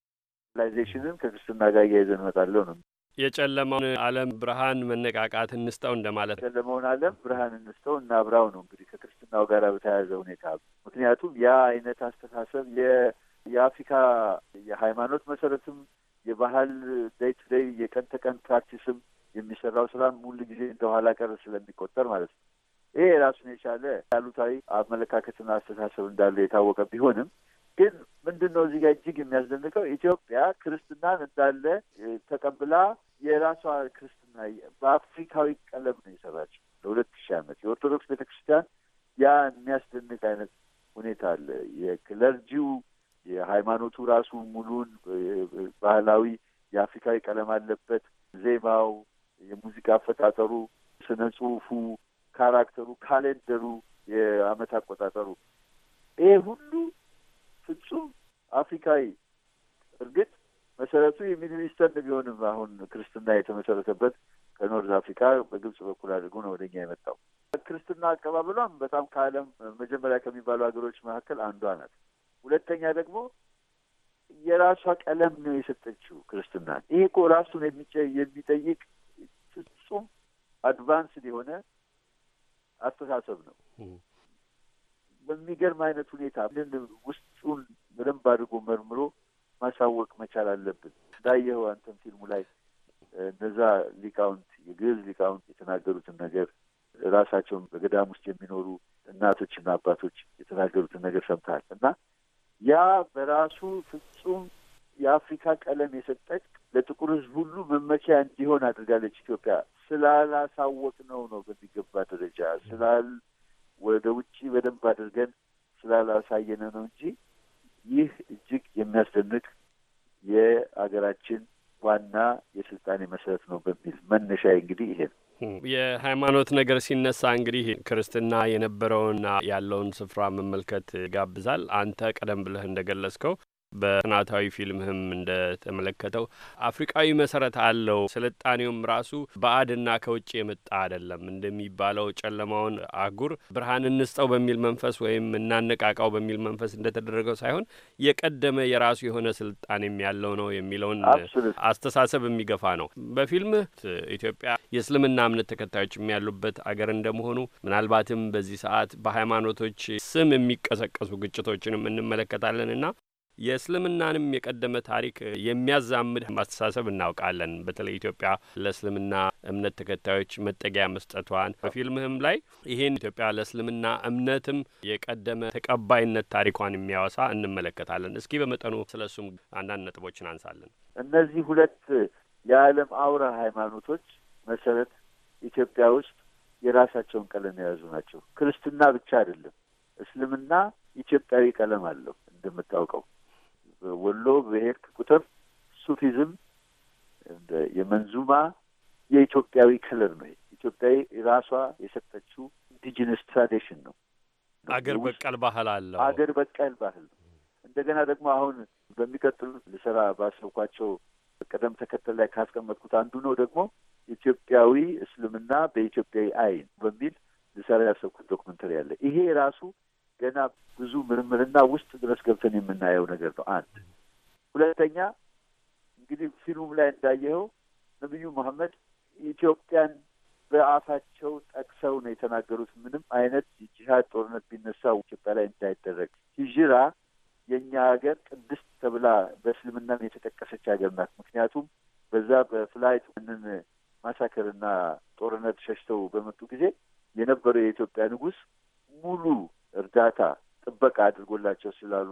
ላይዜሽንን ከክርስትና ጋር እያይዘን እመጣለሁ ነው የጨለማውን ዓለም ብርሃን መነቃቃት እንስጠው እንደማለት ነው። የጨለማውን ዓለም ብርሃን እንስጠው እናብራው ነው እንግዲህ ከክርስትናው ጋር በተያያዘ ሁኔታ። ምክንያቱም ያ አይነት አስተሳሰብ የአፍሪካ የሃይማኖት መሰረትም የባህል ደይ ቱ ደይ የቀን ተቀን ፕራክቲስም የሚሰራው ስራ ሙሉ ጊዜ እንደኋላ ቀር ስለሚቆጠር ማለት ነው። ይሄ ራሱን የቻለ ያሉታዊ አመለካከትና አስተሳሰብ እንዳለ የታወቀ ቢሆንም ግን ምንድን ነው እዚህ ጋር እጅግ የሚያስደንቀው ኢትዮጵያ ክርስትናን እንዳለ ተቀብላ የራሷ ክርስትና በአፍሪካዊ ቀለም ነው የሰራችው ለሁለት ሺህ ዓመት የኦርቶዶክስ ቤተ ክርስቲያን ያ የሚያስደንቅ አይነት ሁኔታ አለ። የክለርጂው የሃይማኖቱ ራሱ ሙሉን ባህላዊ የአፍሪካዊ ቀለም አለበት። ዜማው፣ የሙዚቃ አፈጣጠሩ፣ ስነ ጽሁፉ፣ ካራክተሩ፣ ካሌንደሩ፣ የአመት አቆጣጠሩ ይሄ ሁሉ ፍጹም አፍሪካዊ እርግጥ መሰረቱ የሚድል ኢስተርን ቢሆንም አሁን ክርስትና የተመሰረተበት ከኖርዝ አፍሪካ በግብጽ በኩል አድርጎ ነው ወደኛ የመጣው። ክርስትና አቀባበሏም በጣም ከዓለም መጀመሪያ ከሚባሉ ሀገሮች መካከል አንዷ ናት። ሁለተኛ ደግሞ የራሷ ቀለም ነው የሰጠችው ክርስትና። ይሄ እኮ ራሱን የሚጠይቅ ፍጹም አድቫንስድ የሆነ አስተሳሰብ ነው። በሚገርም አይነት ሁኔታ ውስጡን በደንብ አድርጎ መርምሮ ማሳወቅ መቻል አለብን። እንዳየኸው አንተም ፊልሙ ላይ እነዛ ሊቃውንት የግዕዝ ሊቃውንት የተናገሩትን ነገር ራሳቸውን በገዳም ውስጥ የሚኖሩ እናቶችና አባቶች የተናገሩትን ነገር ሰምተሃል እና ያ በራሱ ፍጹም የአፍሪካ ቀለም የሰጠች ለጥቁር ሕዝብ ሁሉ መመኪያ እንዲሆን አድርጋለች ኢትዮጵያ። ስላላሳወቅነው ነው በሚገባ ደረጃ ስላል ወደ ውጭ በደንብ አድርገን ስላላሳየነ ነው እንጂ ይህ እጅግ የሚያስደንቅ የአገራችን ዋና የስልጣኔ መሰረት ነው በሚል መነሻ እንግዲህ ይሄ ነው። የሃይማኖት ነገር ሲነሳ እንግዲህ ክርስትና የነበረውና ያለውን ስፍራ መመልከት ጋብዛል። አንተ ቀደም ብለህ እንደገለጽከው በጥናታዊ ፊልምህም እንደተመለከተው አፍሪቃዊ መሰረት አለው። ስልጣኔውም ራሱ በአድና ከውጭ የመጣ አይደለም። እንደሚባለው ጨለማውን አህጉር ብርሃን እንስጠው በሚል መንፈስ ወይም እናነቃቃው በሚል መንፈስ እንደተደረገው ሳይሆን የቀደመ የራሱ የሆነ ስልጣኔም ያለው ነው የሚለውን አስተሳሰብ የሚገፋ ነው። በፊልምህ ኢትዮጵያ የእስልምና እምነት ተከታዮችም ያሉበት አገር እንደመሆኑ ምናልባትም በዚህ ሰዓት በሃይማኖቶች ስም የሚቀሰቀሱ ግጭቶችንም እንመለከታለን እና የእስልምናንም የቀደመ ታሪክ የሚያዛምድ ማስተሳሰብ እናውቃለን። በተለይ ኢትዮጵያ ለእስልምና እምነት ተከታዮች መጠጊያ መስጠቷን በፊልምህም ላይ ይህን ኢትዮጵያ ለእስልምና እምነትም የቀደመ ተቀባይነት ታሪኳን የሚያወሳ እንመለከታለን። እስኪ በመጠኑ ስለ እሱም አንዳንድ ነጥቦችን አንሳለን። እነዚህ ሁለት የዓለም አውራ ሃይማኖቶች መሰረት ኢትዮጵያ ውስጥ የራሳቸውን ቀለም የያዙ ናቸው። ክርስትና ብቻ አይደለም። እስልምና ኢትዮጵያዊ ቀለም አለው እንደምታውቀው በወሎ በሄድክ ቁጥር ሱፊዝም እንደ የመንዙማ የኢትዮጵያዊ ክልር ነው። ኢትዮጵያዊ ራሷ የሰጠችው ኢንዲጂነስ ትራዲሽን ነው። አገር በቀል ባህል አለው። አገር በቀል ባህል ነው። እንደገና ደግሞ አሁን በሚቀጥሉት ልሰራ ባሰብኳቸው ቅደም ተከተል ላይ ካስቀመጥኩት አንዱ ነው ደግሞ ኢትዮጵያዊ እስልምና በኢትዮጵያዊ አይን በሚል ልሰራ ያሰብኩት ዶክመንተሪ አለ። ይሄ ራሱ ገና ብዙ ምርምርና ውስጥ ድረስ ገብተን የምናየው ነገር ነው። አንድ ሁለተኛ እንግዲህ ፊልሙም ላይ እንዳየኸው ነቢዩ መሐመድ ኢትዮጵያን በአፋቸው ጠቅሰው ነው የተናገሩት። ምንም አይነት የጂሃድ ጦርነት ቢነሳ ኢትዮጵያ ላይ እንዳይደረግ ሂጅራ የእኛ ሀገር ቅድስት ተብላ በእስልምናም የተጠቀሰች ሀገር ናት። ምክንያቱም በዛ በፍላይት ንን ማሳከርና ጦርነት ሸሽተው በመጡ ጊዜ የነበረው የኢትዮጵያ ንጉሥ ሙሉ እርዳታ፣ ጥበቃ አድርጎላቸው ስላሉ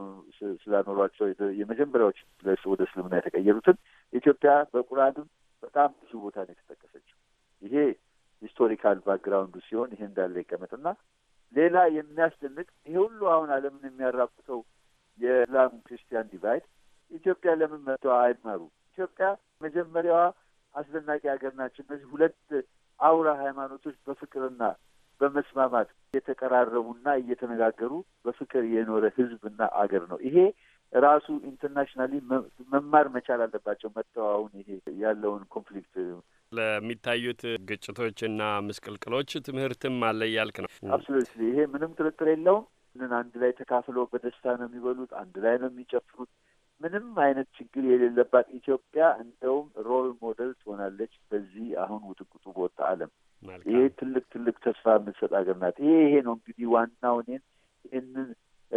ስላኖሯቸው የመጀመሪያዎች ወደ እስልምና የተቀየሩትን ኢትዮጵያ በቁርአንም በጣም ብዙ ቦታ ነው የተጠቀሰችው። ይሄ ሂስቶሪካል ባክግራውንዱ ሲሆን ይሄ እንዳለ ይቀመጥና ሌላ የሚያስደንቅ ይሄ ሁሉ አሁን ዓለምን የሚያራቁተው የእስላም ክርስቲያን ዲቫይድ ኢትዮጵያ ለምን መጥተው አይማሩ? ኢትዮጵያ መጀመሪያዋ አስደናቂ ሀገር ናቸው። እነዚህ ሁለት አውራ ሃይማኖቶች በፍቅርና በመስማማት እየተቀራረቡና እየተነጋገሩ በፍቅር የኖረ ህዝብና አገር ነው። ይሄ ራሱ ኢንተርናሽናሊ መማር መቻል አለባቸው። መተዋውን ይሄ ያለውን ኮንፍሊክት ለሚታዩት ግጭቶችና ምስቅልቅሎች ትምህርትም አለ እያልክ ነው። አብሶሉትሊ ይሄ ምንም ጥርጥር የለውም። አንድ ላይ ተካፍለው በደስታ ነው የሚበሉት፣ አንድ ላይ ነው የሚጨፍሩት። ምንም አይነት ችግር የሌለባት ኢትዮጵያ እንደውም ሮል ሞዴል ትሆናለች በዚህ አሁን ውጥቁጡ በወጣ አለም። ይህ ትልቅ ትልቅ ተስፋ የምትሰጥ ሀገር ናት። ይሄ ይሄ ነው እንግዲህ ዋናው እኔን ይህንን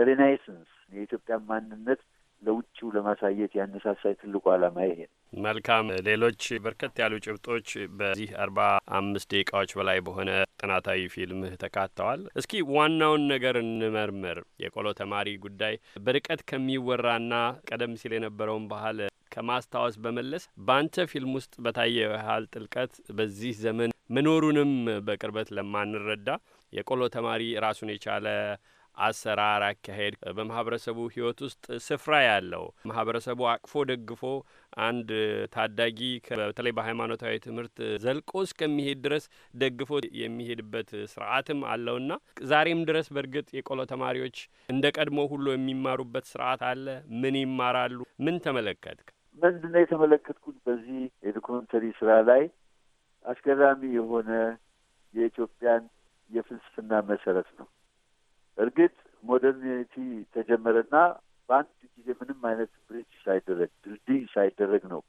ሬናይሰንስ የኢትዮጵያን ማንነት ለውጭው ለማሳየት ያነሳሳይ ትልቁ ዓላማ ይሄ ነው። መልካም። ሌሎች በርከት ያሉ ጭብጦች በዚህ አርባ አምስት ደቂቃዎች በላይ በሆነ ጥናታዊ ፊልም ተካተዋል። እስኪ ዋናውን ነገር እንመርምር። የቆሎ ተማሪ ጉዳይ በርቀት ከሚወራና ቀደም ሲል የነበረውን ባህል ከማስታወስ በመለስ በአንተ ፊልም ውስጥ በታየው ያህል ጥልቀት በዚህ ዘመን መኖሩንም በቅርበት ለማንረዳ የቆሎ ተማሪ ራሱን የቻለ አሰራር፣ አካሄድ በማህበረሰቡ ህይወት ውስጥ ስፍራ ያለው ማህበረሰቡ አቅፎ ደግፎ አንድ ታዳጊ በተለይ በሃይማኖታዊ ትምህርት ዘልቆ እስከሚሄድ ድረስ ደግፎ የሚሄድበት ስርዓትም አለውና ዛሬም ድረስ በእርግጥ የቆሎ ተማሪዎች እንደ ቀድሞ ሁሉ የሚማሩበት ስርዓት አለ። ምን ይማራሉ? ምን ተመለከትክ? ምንድነው የተመለከትኩት በዚህ የዶኩመንተሪ ስራ ላይ አስገራሚ የሆነ የኢትዮጵያን የፍልስፍና መሰረት ነው። እርግጥ ሞደርኒቲ ተጀመረና በአንድ ጊዜ ምንም አይነት ብሪጅ ሳይደረግ ድልድይ ሳይደረግ ነው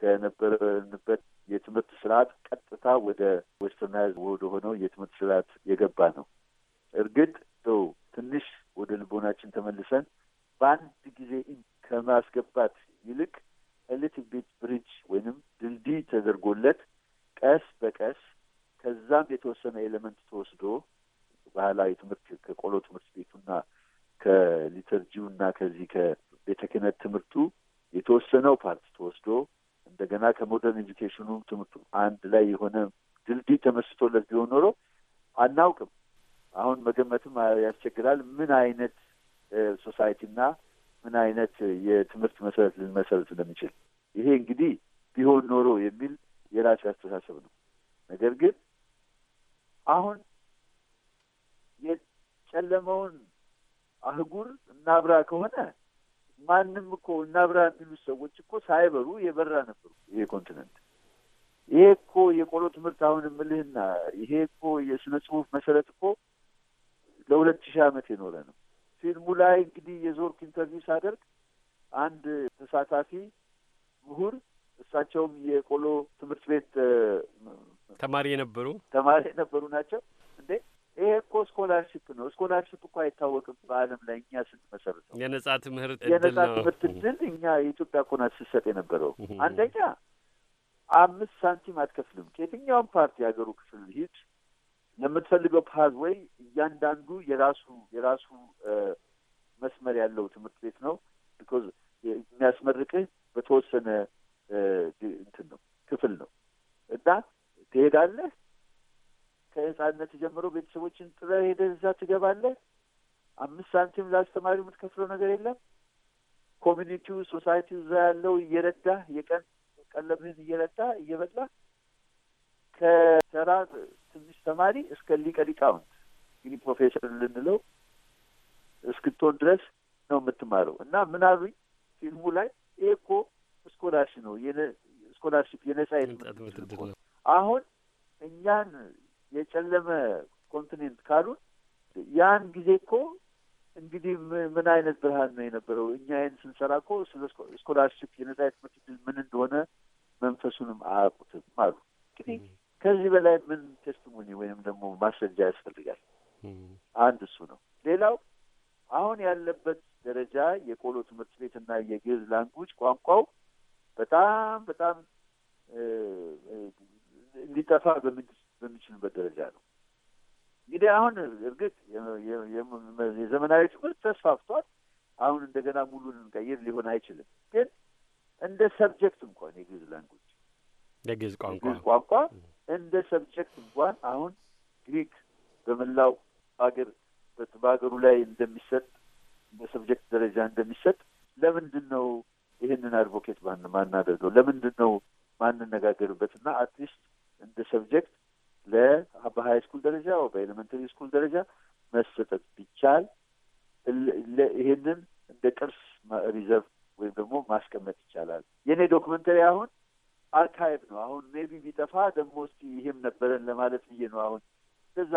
ከነበረንበት የትምህርት ስርዓት ቀጥታ ወደ ዌስተርናይዝ ወደ ሆነው የትምህርት ስርዓት የገባ ነው። እርግጥ ው ትንሽ ወደ ልቦናችን ተመልሰን በአንድ ጊዜ ከማስገባት ይልቅ ሊትል ቤት ብሪጅ ወይንም ድልድይ ተደርጎለት ቀስ በቀስ ከዛም የተወሰነ ኤሌመንት ተወስዶ ባህላዊ ትምህርት ከቆሎ ትምህርት ቤቱና ከሊተርጂውና ከዚህ ከቤተ ክህነት ትምህርቱ የተወሰነው ፓርት ተወስዶ እንደገና ከሞደርን ኤዱኬሽኑ ትምህርቱ አንድ ላይ የሆነ ድልድይ ተመስቶለት ቢሆን ኖሮ አናውቅም። አሁን መገመትም ያስቸግራል። ምን አይነት ሶሳይቲና ምን አይነት የትምህርት መሰረት ልንመሰረት እንደሚችል ይሄ እንግዲህ ቢሆን ኖሮ የሚል የራሴ አስተሳሰብ ነው። ነገር ግን አሁን የጨለመውን አህጉር እናብራ ከሆነ ማንም እኮ እናብራ የሚሉት ሰዎች እኮ ሳይበሩ የበራ ነበሩ። ይሄ ኮንቲነንት ይሄ እኮ የቆሎ ትምህርት አሁን የምልህና ይሄ እኮ የስነ ጽሁፍ መሰረት እኮ ለሁለት ሺህ ዓመት የኖረ ነው። ፊልሙ ላይ እንግዲህ የዞርክ ኢንተርቪው ሳደርግ አንድ ተሳታፊ ምሁር እሳቸውም የቆሎ ትምህርት ቤት ተማሪ የነበሩ ተማሪ የነበሩ ናቸው። እንዴ ይሄ እኮ ስኮላርሽፕ ነው። ስኮላርሽፕ እኮ አይታወቅም በዓለም ላይ እኛ ስንመሰርተው የነጻ ትምህርት የነጻ ትምህርት እድል እኛ የኢትዮጵያ እኮ ናት ስትሰጥ የነበረው። አንደኛ አምስት ሳንቲም አትከፍልም። ከየትኛውም ፓርቲ የሀገሩ ክፍል ሂድ ለምትፈልገው ፓዝ ወይ እያንዳንዱ የራሱ የራሱ መስመር ያለው ትምህርት ቤት ነው ቢኮዝ የሚያስመርቅህ በተወሰነ እንትን ነው ክፍል ነው እና ትሄዳለህ። ከህፃንነት ጀምሮ ቤተሰቦችን ጥለህ ሄደ እዛ ትገባለህ። አምስት ሳንቲም ለአስተማሪ የምትከፍለው ነገር የለም። ኮሚኒቲው ሶሳይቲ እዛ ያለው እየረዳ የቀን ቀለብህን እየረዳ እየበላ ከተራ ትንሽ ተማሪ እስከ ሊቀ ሊቃውንት እንግዲህ ፕሮፌሰር ልንለው እስክትሆን ድረስ ነው የምትማረው እና ምን አሉኝ ፊልሙ ላይ ይሄ እኮ ስኮላርሽ ነው ስኮላርሽፕ የነጻ የትምህርት አሁን እኛን የጨለመ ኮንቲኔንት ካሉን ያን ጊዜ እኮ እንግዲህ ምን አይነት ብርሃን ነው የነበረው? እኛ ይህን ስንሰራ እኮ ስለ ስኮላርሽፕ የነጻ የትምህርት ዕድል ምን እንደሆነ መንፈሱንም አያውቁትም አሉ። እንግዲህ ከዚህ በላይ ምን ቴስቲሞኒ ወይም ደግሞ ማስረጃ ያስፈልጋል? አንድ እሱ ነው። ሌላው አሁን ያለበት ደረጃ የቆሎ ትምህርት ቤት እና የግዕዝ ላንጉጅ ቋንቋው በጣም በጣም እንዲጠፋ በሚችልበት ደረጃ ነው። እንግዲህ አሁን እርግጥ የዘመናዊ ትምህርት ተስፋፍቷል። አሁን እንደገና ሙሉን እንቀይር ሊሆን አይችልም። ግን እንደ ሰብጀክት እንኳን የግዕዝ ላንጉጅ የግዕዝ ቋንቋ ቋንቋ እንደ ሰብጀክት እንኳን አሁን ግሪክ በመላው ሀገር በሀገሩ ላይ እንደሚሰጥ በሰብጀክት ደረጃ እንደሚሰጥ ለምንድን ነው ይህንን አድቮኬት ማን ማናደርገው? ለምንድን ነው ማንነጋገርበት? እና አትሊስት እንደ ሰብጀክት በሀይ ስኩል ደረጃ በኤሌመንተሪ ስኩል ደረጃ መሰጠት ቢቻል ይህንን እንደ ቅርስ ሪዘርቭ ወይም ደግሞ ማስቀመጥ ይቻላል። የእኔ ዶክመንተሪ አሁን አርካይቭ ነው። አሁን ሜቢ ቢጠፋ ደግሞ እስኪ ይህም ነበረን ለማለት ብዬ ነው። አሁን እዛ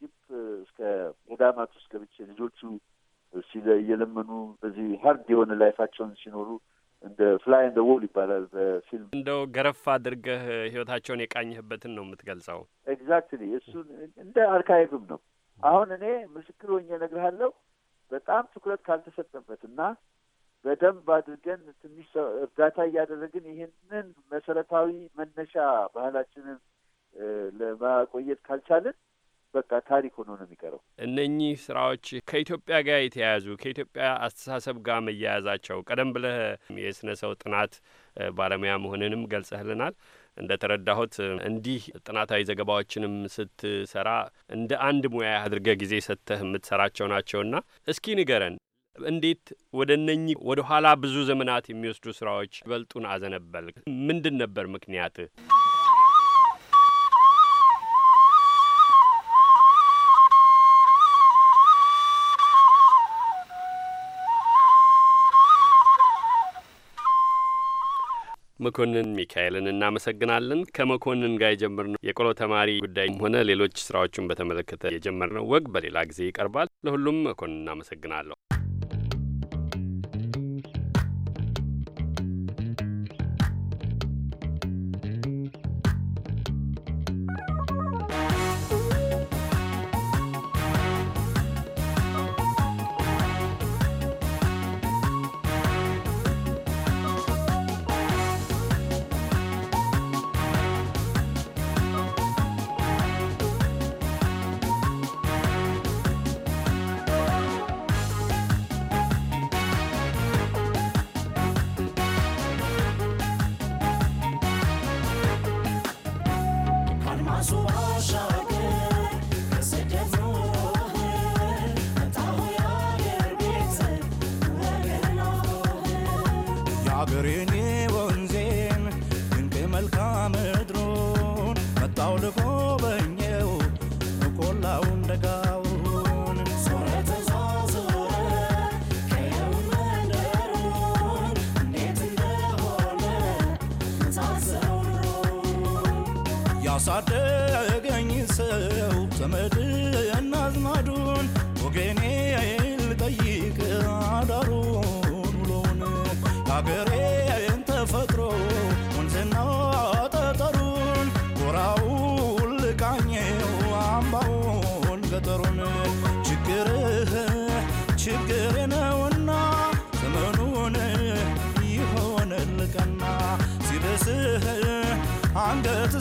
ዲፕ እስከ ገዳማት ውስጥ ገብቼ ልጆቹ እየለመኑ በዚህ ሀርድ የሆነ ላይፋቸውን ሲኖሩ እንደ ፍላይ እንደ ዎል ይባላል በፊልም እንደው ገረፍ አድርገህ ህይወታቸውን የቃኘህበትን ነው የምትገልጸው። ኤግዛክትሊ እሱን እንደ አርካይቭም ነው። አሁን እኔ ምስክር ሆኜ እነግርሃለሁ። በጣም ትኩረት ካልተሰጠበት እና በደንብ አድርገን ትንሽ እርዳታ እያደረግን ይህንን መሰረታዊ መነሻ ባህላችንን ለማቆየት ካልቻለን። በቃ ታሪክ ሆኖ ነው የሚቀረው። እነኚህ ስራዎች ከኢትዮጵያ ጋር የተያያዙ ከኢትዮጵያ አስተሳሰብ ጋር መያያዛቸው ቀደም ብለህ የስነ ሰው ጥናት ባለሙያ መሆንንም ገልጸህልናል። እንደ ተረዳሁት እንዲህ ጥናታዊ ዘገባዎችንም ስትሰራ እንደ አንድ ሙያ አድርገህ ጊዜ ሰጥተህ የምትሰራቸው ናቸውና እስኪ ንገረን እንዴት ወደ እነኚህ ወደ ኋላ ብዙ ዘመናት የሚወስዱ ስራዎች ይበልጡን አዘነበል? ምንድን ነበር ምክንያትህ? መኮንን ሚካኤልን እናመሰግናለን። ከመኮንን ጋር የጀመርነው የቆሎ ተማሪ ጉዳይም ሆነ ሌሎች ስራዎችን በተመለከተ የጀመርነው ወግ በሌላ ጊዜ ይቀርባል። ለሁሉም መኮንን እናመሰግናለሁ።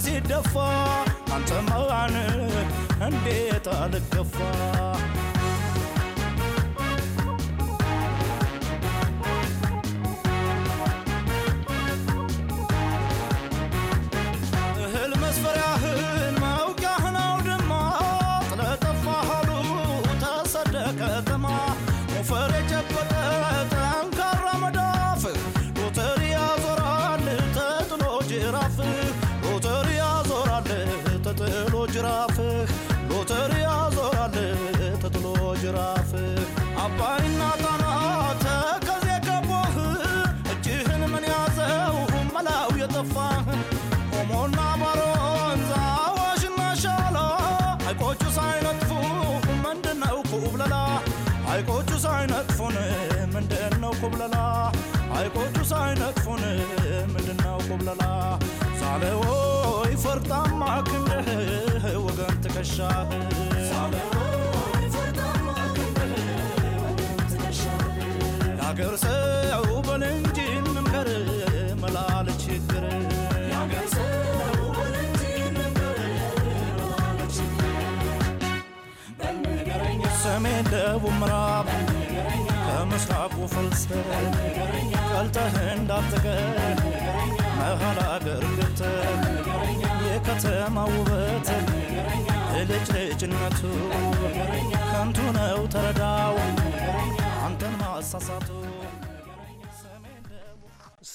ሲደፋ አንተ መዋን እንዴት አልገፋ ያገር ሰው በል እንጂ እንምከር መላል ችግር ሰሜን፣ ደቡብ፣ ምዕራብ ከምስራቁ ፍልስፍ ቀልጠህ እንዳትቀር መሃል አገር ገብተህ የከተማ ውበት ብልጭልጭነቱ ከንቱ ነው ተረዳው አንተን ማሳሳቱ።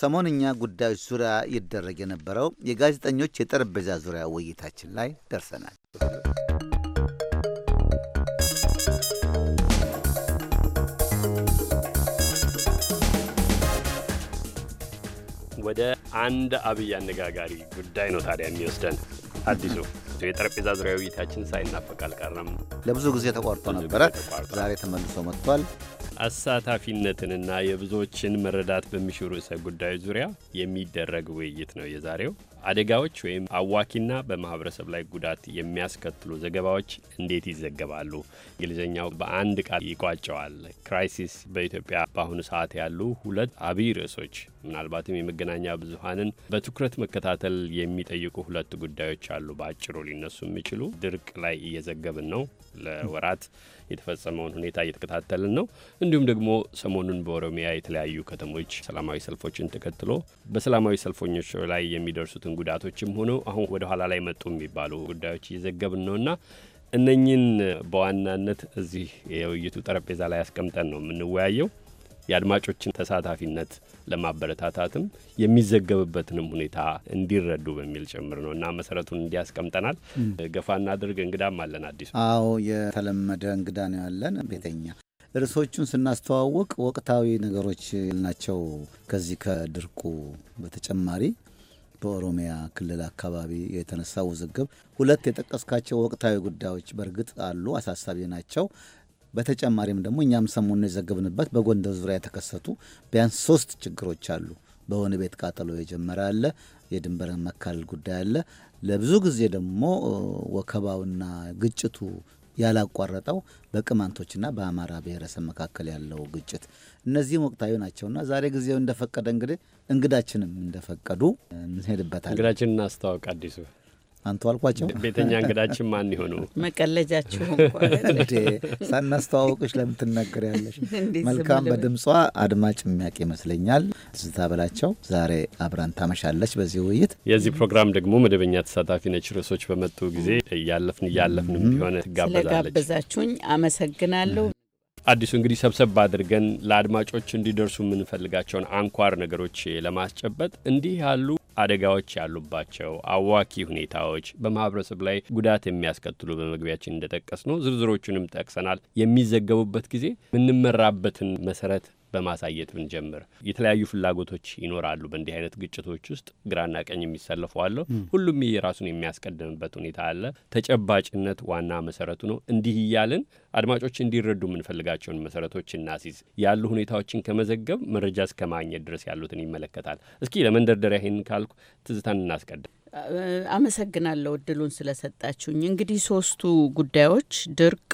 ሰሞንኛ ጉዳዮች ዙሪያ ይደረግ የነበረው የጋዜጠኞች የጠረጴዛ ዙሪያ ውይይታችን ላይ ደርሰናል። ወደ አንድ አብይ አነጋጋሪ ጉዳይ ነው ታዲያ የሚወስደን አዲሱ የጠረጴዛ ዙሪያ ውይይታችን ሳይናፈቅ አልቀረም። ለብዙ ጊዜ ተቋርጦ ነበረ። ዛሬ ተመልሶ መጥቷል። አሳታፊነትንና የብዙዎችን መረዳት በሚሹ ርዕሰ ጉዳዮች ዙሪያ የሚደረግ ውይይት ነው የዛሬው። አደጋዎች ወይም አዋኪና በማህበረሰብ ላይ ጉዳት የሚያስከትሉ ዘገባዎች እንዴት ይዘገባሉ? እንግሊዝኛው በአንድ ቃል ይቋጨዋል። ክራይሲስ በኢትዮጵያ በአሁኑ ሰዓት ያሉ ሁለት አብይ ርዕሶች ምናልባትም የመገናኛ ብዙሀንን በትኩረት መከታተል የሚጠይቁ ሁለት ጉዳዮች አሉ። በአጭሩ ሊነሱ የሚችሉ ድርቅ ላይ እየዘገብን ነው ለወራት የተፈጸመውን ሁኔታ እየተከታተልን ነው። እንዲሁም ደግሞ ሰሞኑን በኦሮሚያ የተለያዩ ከተሞች ሰላማዊ ሰልፎችን ተከትሎ በሰላማዊ ሰልፈኞች ላይ የሚደርሱትን ጉዳቶችም ሆነው አሁን ወደ ኋላ ላይ መጡ የሚባሉ ጉዳዮች እየዘገብን ነውና እነኚህን በዋናነት እዚህ የውይይቱ ጠረጴዛ ላይ አስቀምጠን ነው የምንወያየው። የአድማጮችን ተሳታፊነት ለማበረታታትም የሚዘገብበትንም ሁኔታ እንዲረዱ በሚል ጭምር ነው እና መሰረቱን እንዲያስቀምጠናል ገፋ እናድርግ። እንግዳም አለን አዲሱ። አዎ የተለመደ እንግዳ ነው ያለን ቤተኛ ርዕሶቹን ስናስተዋውቅ ወቅታዊ ነገሮች ናቸው። ከዚህ ከድርቁ በተጨማሪ በኦሮሚያ ክልል አካባቢ የተነሳ ውዝግብ፣ ሁለት የጠቀስካቸው ወቅታዊ ጉዳዮች በእርግጥ አሉ፣ አሳሳቢ ናቸው። በተጨማሪም ደግሞ እኛም ሰሞኑን የዘገብንበት በጎንደር ዙሪያ የተከሰቱ ቢያንስ ሶስት ችግሮች አሉ። በሆነ ቤት ቃጠሎ የጀመረ አለ። የድንበር መካለል ጉዳይ አለ። ለብዙ ጊዜ ደግሞ ወከባውና ግጭቱ ያላቋረጠው በቅማንቶችና በአማራ ብሔረሰብ መካከል ያለው ግጭት እነዚህም ወቅታዊ ናቸውና ዛሬ ጊዜው እንደፈቀደ እንግዲህ እንግዳችንም እንደፈቀዱ እንሄድበታል። እንግዳችን እናስተዋውቅ አዲሱ አንቱ አልኳቸው። ቤተኛ እንግዳችን ማን የሆኑ መቀለጃችሁ እንኳ ሳናስተዋወቅሽ ለምን ትናገሪያለሽ? መልካም በድምጿ አድማጭ የሚያውቅ ይመስለኛል። ትዝታ በላቸው ዛሬ አብራን ታመሻለች በዚህ ውይይት። የዚህ ፕሮግራም ደግሞ መደበኛ ተሳታፊ ነች። ርዕሶች በመጡ ጊዜ እያለፍን እያለፍን ቢሆን ትጋበዛለች። ስለጋበዛችሁኝ አመሰግናለሁ። አዲሱ እንግዲህ ሰብሰብ አድርገን ለአድማጮች እንዲደርሱ የምንፈልጋቸውን አንኳር ነገሮች ለማስጨበጥ እንዲህ ያሉ አደጋዎች ያሉባቸው አዋኪ ሁኔታዎች በማህበረሰብ ላይ ጉዳት የሚያስከትሉ በመግቢያችን እንደጠቀስ ነው ዝርዝሮቹንም ጠቅሰናል። የሚዘገቡበት ጊዜ የምንመራበትን መሰረት በማሳየት ብንጀምር የተለያዩ ፍላጎቶች ይኖራሉ። በእንዲህ አይነት ግጭቶች ውስጥ ግራና ቀኝ የሚሰለፉ አለው። ሁሉም የራሱን የሚያስቀድምበት ሁኔታ አለ። ተጨባጭነት ዋና መሰረቱ ነው። እንዲህ እያልን አድማጮች እንዲረዱ የምንፈልጋቸውን መሰረቶች እናሲዝ። ያሉ ሁኔታዎችን ከመዘገብ መረጃ እስከ ማግኘት ድረስ ያሉትን ይመለከታል። እስኪ ለመንደርደሪያ ይህን ካልኩ ትዝታን እናስቀድም። አመሰግናለሁ እድሉን ስለሰጣችሁኝ። እንግዲህ ሶስቱ ጉዳዮች ድርቅ፣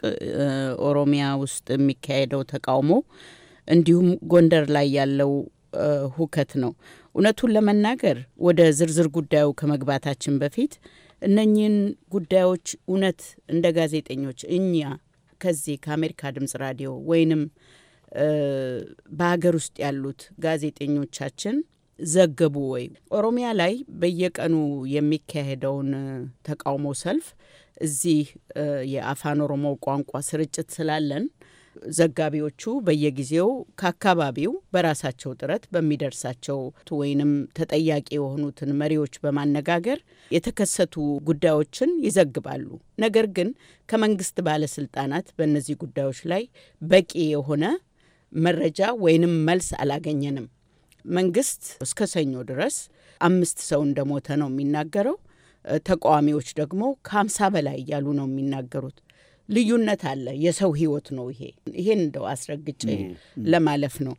ኦሮሚያ ውስጥ የሚካሄደው ተቃውሞ እንዲሁም ጎንደር ላይ ያለው ሁከት ነው። እውነቱን ለመናገር ወደ ዝርዝር ጉዳዩ ከመግባታችን በፊት እነኚህን ጉዳዮች እውነት እንደ ጋዜጠኞች እኛ ከዚህ ከአሜሪካ ድምጽ ራዲዮ ወይንም በሀገር ውስጥ ያሉት ጋዜጠኞቻችን ዘገቡ ወይ? ኦሮሚያ ላይ በየቀኑ የሚካሄደውን ተቃውሞ ሰልፍ እዚህ የአፋን ኦሮሞ ቋንቋ ስርጭት ስላለን ዘጋቢዎቹ በየጊዜው ከአካባቢው በራሳቸው ጥረት በሚደርሳቸው ወይንም ተጠያቂ የሆኑትን መሪዎች በማነጋገር የተከሰቱ ጉዳዮችን ይዘግባሉ። ነገር ግን ከመንግስት ባለስልጣናት በእነዚህ ጉዳዮች ላይ በቂ የሆነ መረጃ ወይንም መልስ አላገኘንም። መንግስት እስከ ሰኞ ድረስ አምስት ሰው እንደሞተ ነው የሚናገረው። ተቃዋሚዎች ደግሞ ከሀምሳ በላይ እያሉ ነው የሚናገሩት። ልዩነት አለ። የሰው ህይወት ነው ይሄ። ይሄን እንደው አስረግጬ ለማለፍ ነው።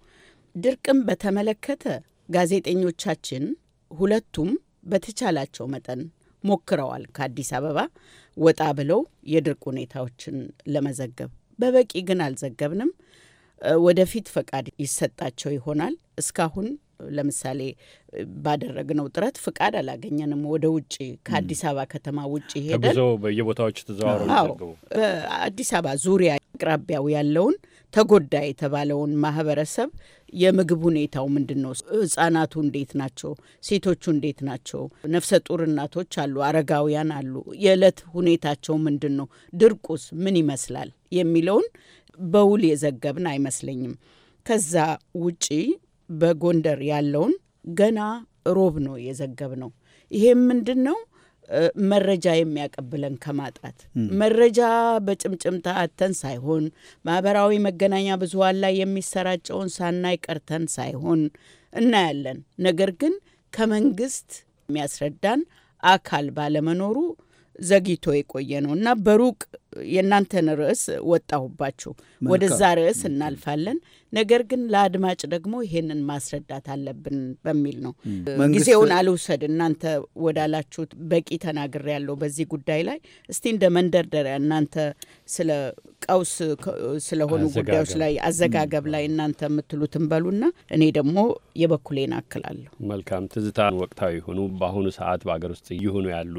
ድርቅም በተመለከተ ጋዜጠኞቻችን ሁለቱም በተቻላቸው መጠን ሞክረዋል። ከአዲስ አበባ ወጣ ብለው የድርቅ ሁኔታዎችን ለመዘገብ በበቂ ግን አልዘገብንም። ወደፊት ፈቃድ ይሰጣቸው ይሆናል። እስካሁን ለምሳሌ ባደረግነው ጥረት ፍቃድ አላገኘንም። ወደ ውጭ ከአዲስ አበባ ከተማ ውጭ ሄደን በየቦታዎች ተዘዋውረው አዲስ አበባ ዙሪያ አቅራቢያው ያለውን ተጎዳ የተባለውን ማህበረሰብ የምግብ ሁኔታው ምንድን ነው? ህጻናቱ እንዴት ናቸው? ሴቶቹ እንዴት ናቸው? ነፍሰ ጡር እናቶች አሉ፣ አረጋውያን አሉ። የዕለት ሁኔታቸው ምንድን ነው? ድርቁስ ምን ይመስላል የሚለውን በውል የዘገብን አይመስለኝም። ከዛ ውጪ በጎንደር ያለውን ገና ሮብ ነው የዘገብ ነው። ይሄም ምንድን ነው መረጃ የሚያቀብለን ከማጣት መረጃ በጭምጭምታ አተን ሳይሆን ማህበራዊ መገናኛ ብዙኃን ላይ የሚሰራጨውን ሳናይ ቀርተን ሳይሆን እናያለን። ነገር ግን ከመንግስት የሚያስረዳን አካል ባለመኖሩ ዘግይቶ የቆየ ነው እና በሩቅ የእናንተን ርዕስ ወጣሁባችሁ። ወደዛ ርዕስ እናልፋለን። ነገር ግን ለአድማጭ ደግሞ ይሄንን ማስረዳት አለብን በሚል ነው። ጊዜውን አልውሰድ። እናንተ ወዳላችሁት በቂ ተናግሬ ያለው በዚህ ጉዳይ ላይ እስቲ እንደ መንደርደሪያ እናንተ ስለ ቀውስ ስለሆኑ ጉዳዮች ላይ አዘጋገብ ላይ እናንተ የምትሉትን በሉና እኔ ደግሞ የበኩሌን አክላለሁ። መልካም ትዝታ፣ ወቅታዊ የሆኑ በአሁኑ ሰዓት በሀገር ውስጥ እየሆኑ ያሉ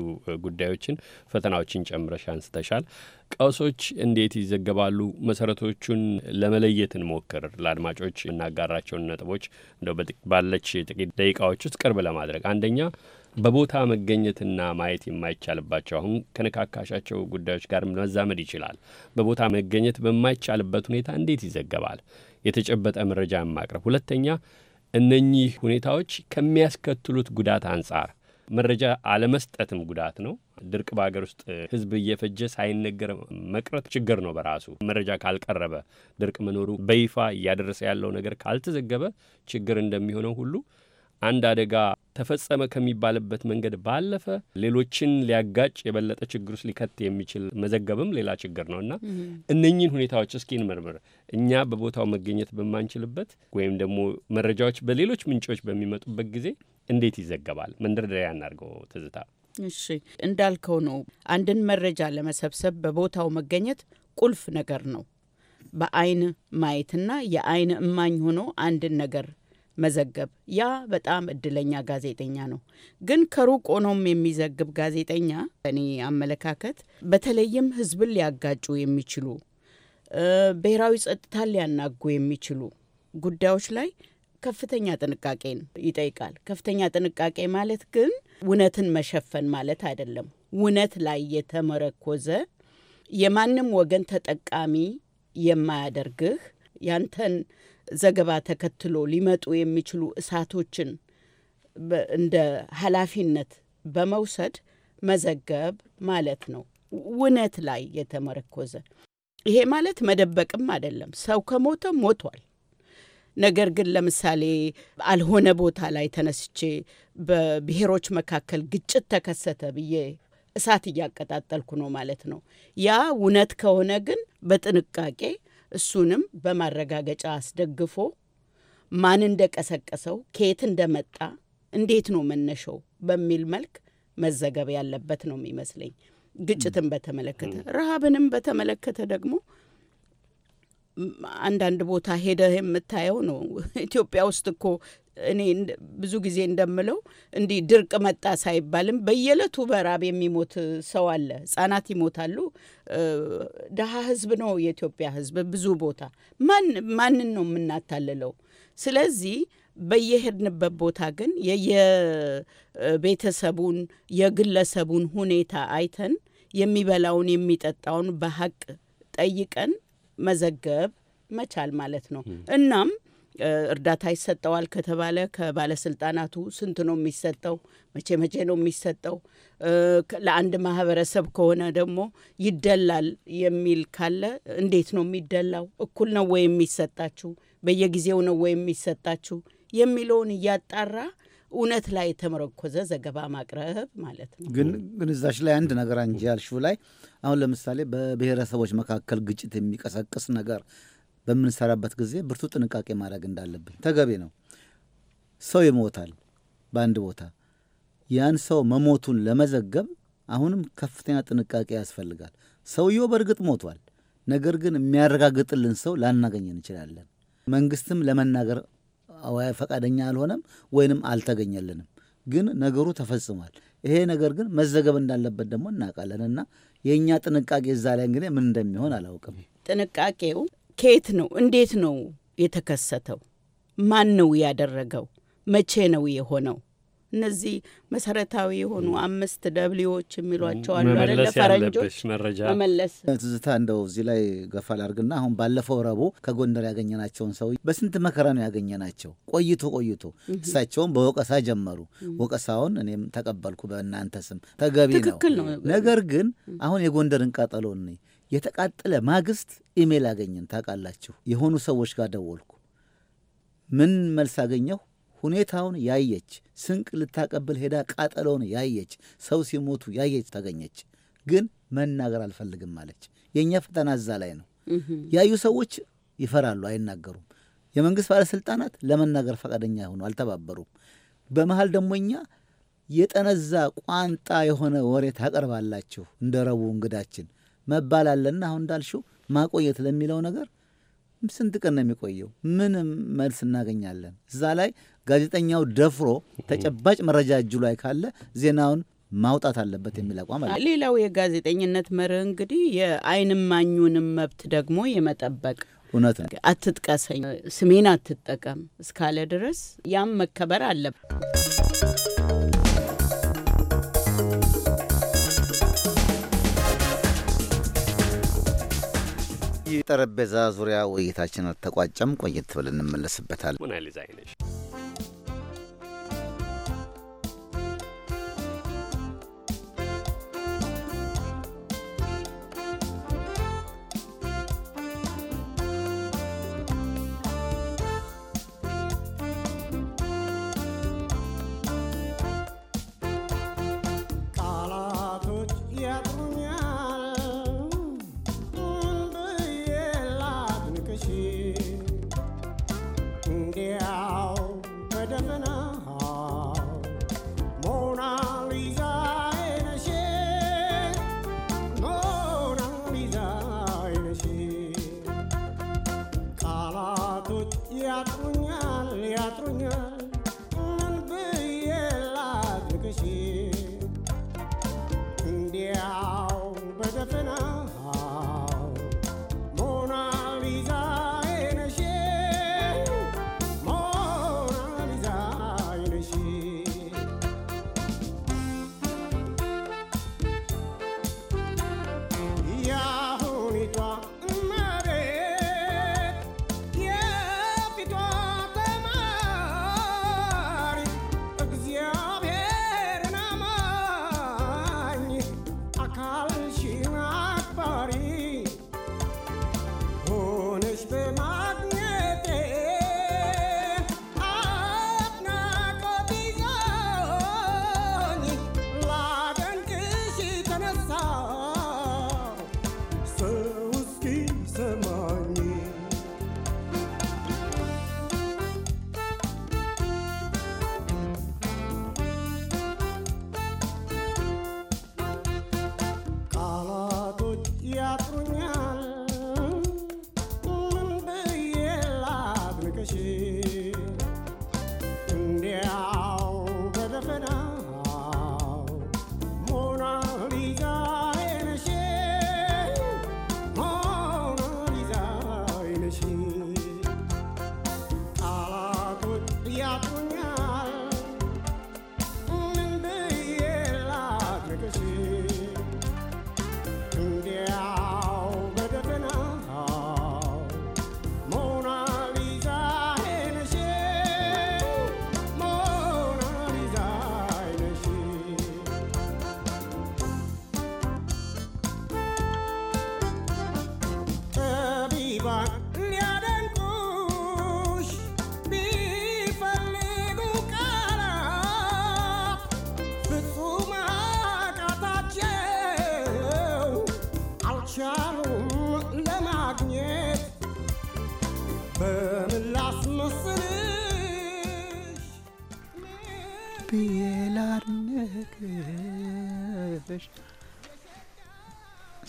ጉዳዮችን፣ ፈተናዎችን ጨምረሽ አንስተሻል። ቀውሶች እንዴት ይዘገባሉ? መሰረቶቹን ለመለየት እንሞክር። ለአድማጮች የምናጋራቸውን ነጥቦች እንደው ባለች ጥቂት ደቂቃዎች ውስጥ ቅርብ ለማድረግ አንደኛ በቦታ መገኘትና ማየት የማይቻልባቸው አሁን ከነካካሻቸው ጉዳዮች ጋር መዛመድ ይችላል። በቦታ መገኘት በማይቻልበት ሁኔታ እንዴት ይዘገባል? የተጨበጠ መረጃ ማቅረብ። ሁለተኛ እነኚህ ሁኔታዎች ከሚያስከትሉት ጉዳት አንጻር መረጃ አለመስጠትም ጉዳት ነው። ድርቅ በሀገር ውስጥ ህዝብ እየፈጀ ሳይነገር መቅረት ችግር ነው በራሱ መረጃ ካልቀረበ ድርቅ መኖሩ በይፋ እያደረሰ ያለው ነገር ካልተዘገበ ችግር እንደሚሆነው ሁሉ አንድ አደጋ ተፈጸመ ከሚባልበት መንገድ ባለፈ ሌሎችን ሊያጋጭ የበለጠ ችግር ውስጥ ሊከት የሚችል መዘገብም ሌላ ችግር ነው እና እነኚህን ሁኔታዎች እስኪ እንመርምር። እኛ በቦታው መገኘት በማንችልበት ወይም ደግሞ መረጃዎች በሌሎች ምንጮች በሚመጡበት ጊዜ እንዴት ይዘገባል? መንደርደሪያ እናድርገው ትዝታ። እሺ እንዳልከው ነው። አንድን መረጃ ለመሰብሰብ በቦታው መገኘት ቁልፍ ነገር ነው። በአይን ማየትና የአይን እማኝ ሆኖ አንድን ነገር መዘገብ። ያ በጣም እድለኛ ጋዜጠኛ ነው። ግን ከሩቅ ሆኖም የሚዘግብ ጋዜጠኛ እኔ አመለካከት በተለይም ህዝብን ሊያጋጩ የሚችሉ ብሔራዊ ጸጥታን ሊያናጉ የሚችሉ ጉዳዮች ላይ ከፍተኛ ጥንቃቄን ይጠይቃል። ከፍተኛ ጥንቃቄ ማለት ግን እውነትን መሸፈን ማለት አይደለም። እውነት ላይ የተመረኮዘ የማንም ወገን ተጠቃሚ የማያደርግህ ያንተን ዘገባ ተከትሎ ሊመጡ የሚችሉ እሳቶችን እንደ ኃላፊነት በመውሰድ መዘገብ ማለት ነው። ውነት ላይ የተመረኮዘ ይሄ ማለት መደበቅም አይደለም። ሰው ከሞተ ሞቷል። ነገር ግን ለምሳሌ አልሆነ ቦታ ላይ ተነስቼ በብሔሮች መካከል ግጭት ተከሰተ ብዬ እሳት እያቀጣጠልኩ ነው ማለት ነው። ያ እውነት ከሆነ ግን በጥንቃቄ እሱንም በማረጋገጫ አስደግፎ ማን እንደቀሰቀሰው፣ ከየት እንደመጣ፣ እንዴት ነው መነሻው በሚል መልክ መዘገብ ያለበት ነው የሚመስለኝ። ግጭትን በተመለከተ ረሃብንም በተመለከተ ደግሞ አንዳንድ ቦታ ሄደህ የምታየው ነው። ኢትዮጵያ ውስጥ እኮ እኔ ብዙ ጊዜ እንደምለው እንዲህ ድርቅ መጣ ሳይባልም በየዕለቱ በራብ የሚሞት ሰው አለ። ህጻናት ይሞታሉ። ድሃ ህዝብ ነው የኢትዮጵያ ህዝብ ብዙ ቦታ። ማንን ነው የምናታልለው? ስለዚህ በየሄድንበት ቦታ ግን የየቤተሰቡን የግለሰቡን ሁኔታ አይተን የሚበላውን የሚጠጣውን በሀቅ ጠይቀን መዘገብ መቻል ማለት ነው። እናም እርዳታ ይሰጠዋል ከተባለ ከባለስልጣናቱ ስንት ነው የሚሰጠው? መቼ መቼ ነው የሚሰጠው? ለአንድ ማህበረሰብ ከሆነ ደግሞ ይደላል የሚል ካለ እንዴት ነው የሚደላው? እኩል ነው ወይ የሚሰጣችሁ? በየጊዜው ነው ወይ የሚሰጣችሁ የሚለውን እያጣራ እውነት ላይ የተመረኮዘ ዘገባ ማቅረብ ማለት ነው። ግን ግንዛሽ ላይ አንድ ነገር አንጂ ያልሽው ላይ አሁን ለምሳሌ በብሔረሰቦች መካከል ግጭት የሚቀሰቅስ ነገር በምንሰራበት ጊዜ ብርቱ ጥንቃቄ ማድረግ እንዳለብን ተገቢ ነው። ሰው ይሞታል በአንድ ቦታ። ያን ሰው መሞቱን ለመዘገብ አሁንም ከፍተኛ ጥንቃቄ ያስፈልጋል። ሰውየው በእርግጥ ሞቷል፣ ነገር ግን የሚያረጋግጥልን ሰው ላናገኝ እንችላለን። መንግስትም ለመናገር ፈቃደኛ አልሆነም ወይንም አልተገኘልንም። ግን ነገሩ ተፈጽሟል። ይሄ ነገር ግን መዘገብ እንዳለበት ደግሞ እናውቃለን እና የእኛ ጥንቃቄ እዛ ላይ እንግዲህ ምን እንደሚሆን አላውቅም። ጥንቃቄው ከየት ነው? እንዴት ነው የተከሰተው? ማን ነው ያደረገው? መቼ ነው የሆነው? እነዚህ መሰረታዊ የሆኑ አምስት ደብሊዎች የሚሏቸው አሉ ለፈረንጆች መረጃ መመለስ። ትዝታ እንደው እዚህ ላይ ገፋ ላርግና አሁን ባለፈው ረቡዕ ከጎንደር ያገኘናቸውን ሰው በስንት መከራ ነው ያገኘናቸው። ቆይቶ ቆይቶ እሳቸውም በወቀሳ ጀመሩ። ወቀሳውን እኔም ተቀበልኩ በእናንተ ስም ተገቢ ነው። ነገር ግን አሁን የጎንደርን ቃጠሎ የተቃጠለ ማግስት ኢሜል አገኘን። ታውቃላችሁ፣ የሆኑ ሰዎች ጋር ደወልኩ። ምን መልስ አገኘሁ? ሁኔታውን ያየች፣ ስንቅ ልታቀብል ሄዳ ቃጠሎውን ያየች፣ ሰው ሲሞቱ ያየች ተገኘች። ግን መናገር አልፈልግም አለች። የእኛ ፈተና እዛ ላይ ነው። ያዩ ሰዎች ይፈራሉ፣ አይናገሩም። የመንግስት ባለስልጣናት ለመናገር ፈቃደኛ ይሆኑ አልተባበሩም። በመሀል ደግሞ እኛ የጠነዛ ቋንጣ የሆነ ወሬ ታቀርባላችሁ እንደ ረቡዕ እንግዳችን መባል አለና አሁን እንዳልሽው ማቆየት ለሚለው ነገር ስንት ቀን ነው የሚቆየው? ምንም መልስ እናገኛለን እዛ ላይ ጋዜጠኛው ደፍሮ ተጨባጭ መረጃ እጁ ላይ ካለ ዜናውን ማውጣት አለበት የሚል አቋም አለ። ሌላው የጋዜጠኝነት መርህ እንግዲህ የአይን እማኙንም መብት ደግሞ የመጠበቅ እውነት ነው። አትጥቀሰኝ፣ ስሜን አትጠቀም እስካለ ድረስ ያም መከበር አለበት። ይህ ጠረጴዛ ዙሪያ ውይይታችን አልተቋጨም። ቆየት ብለን እንመለስበታል።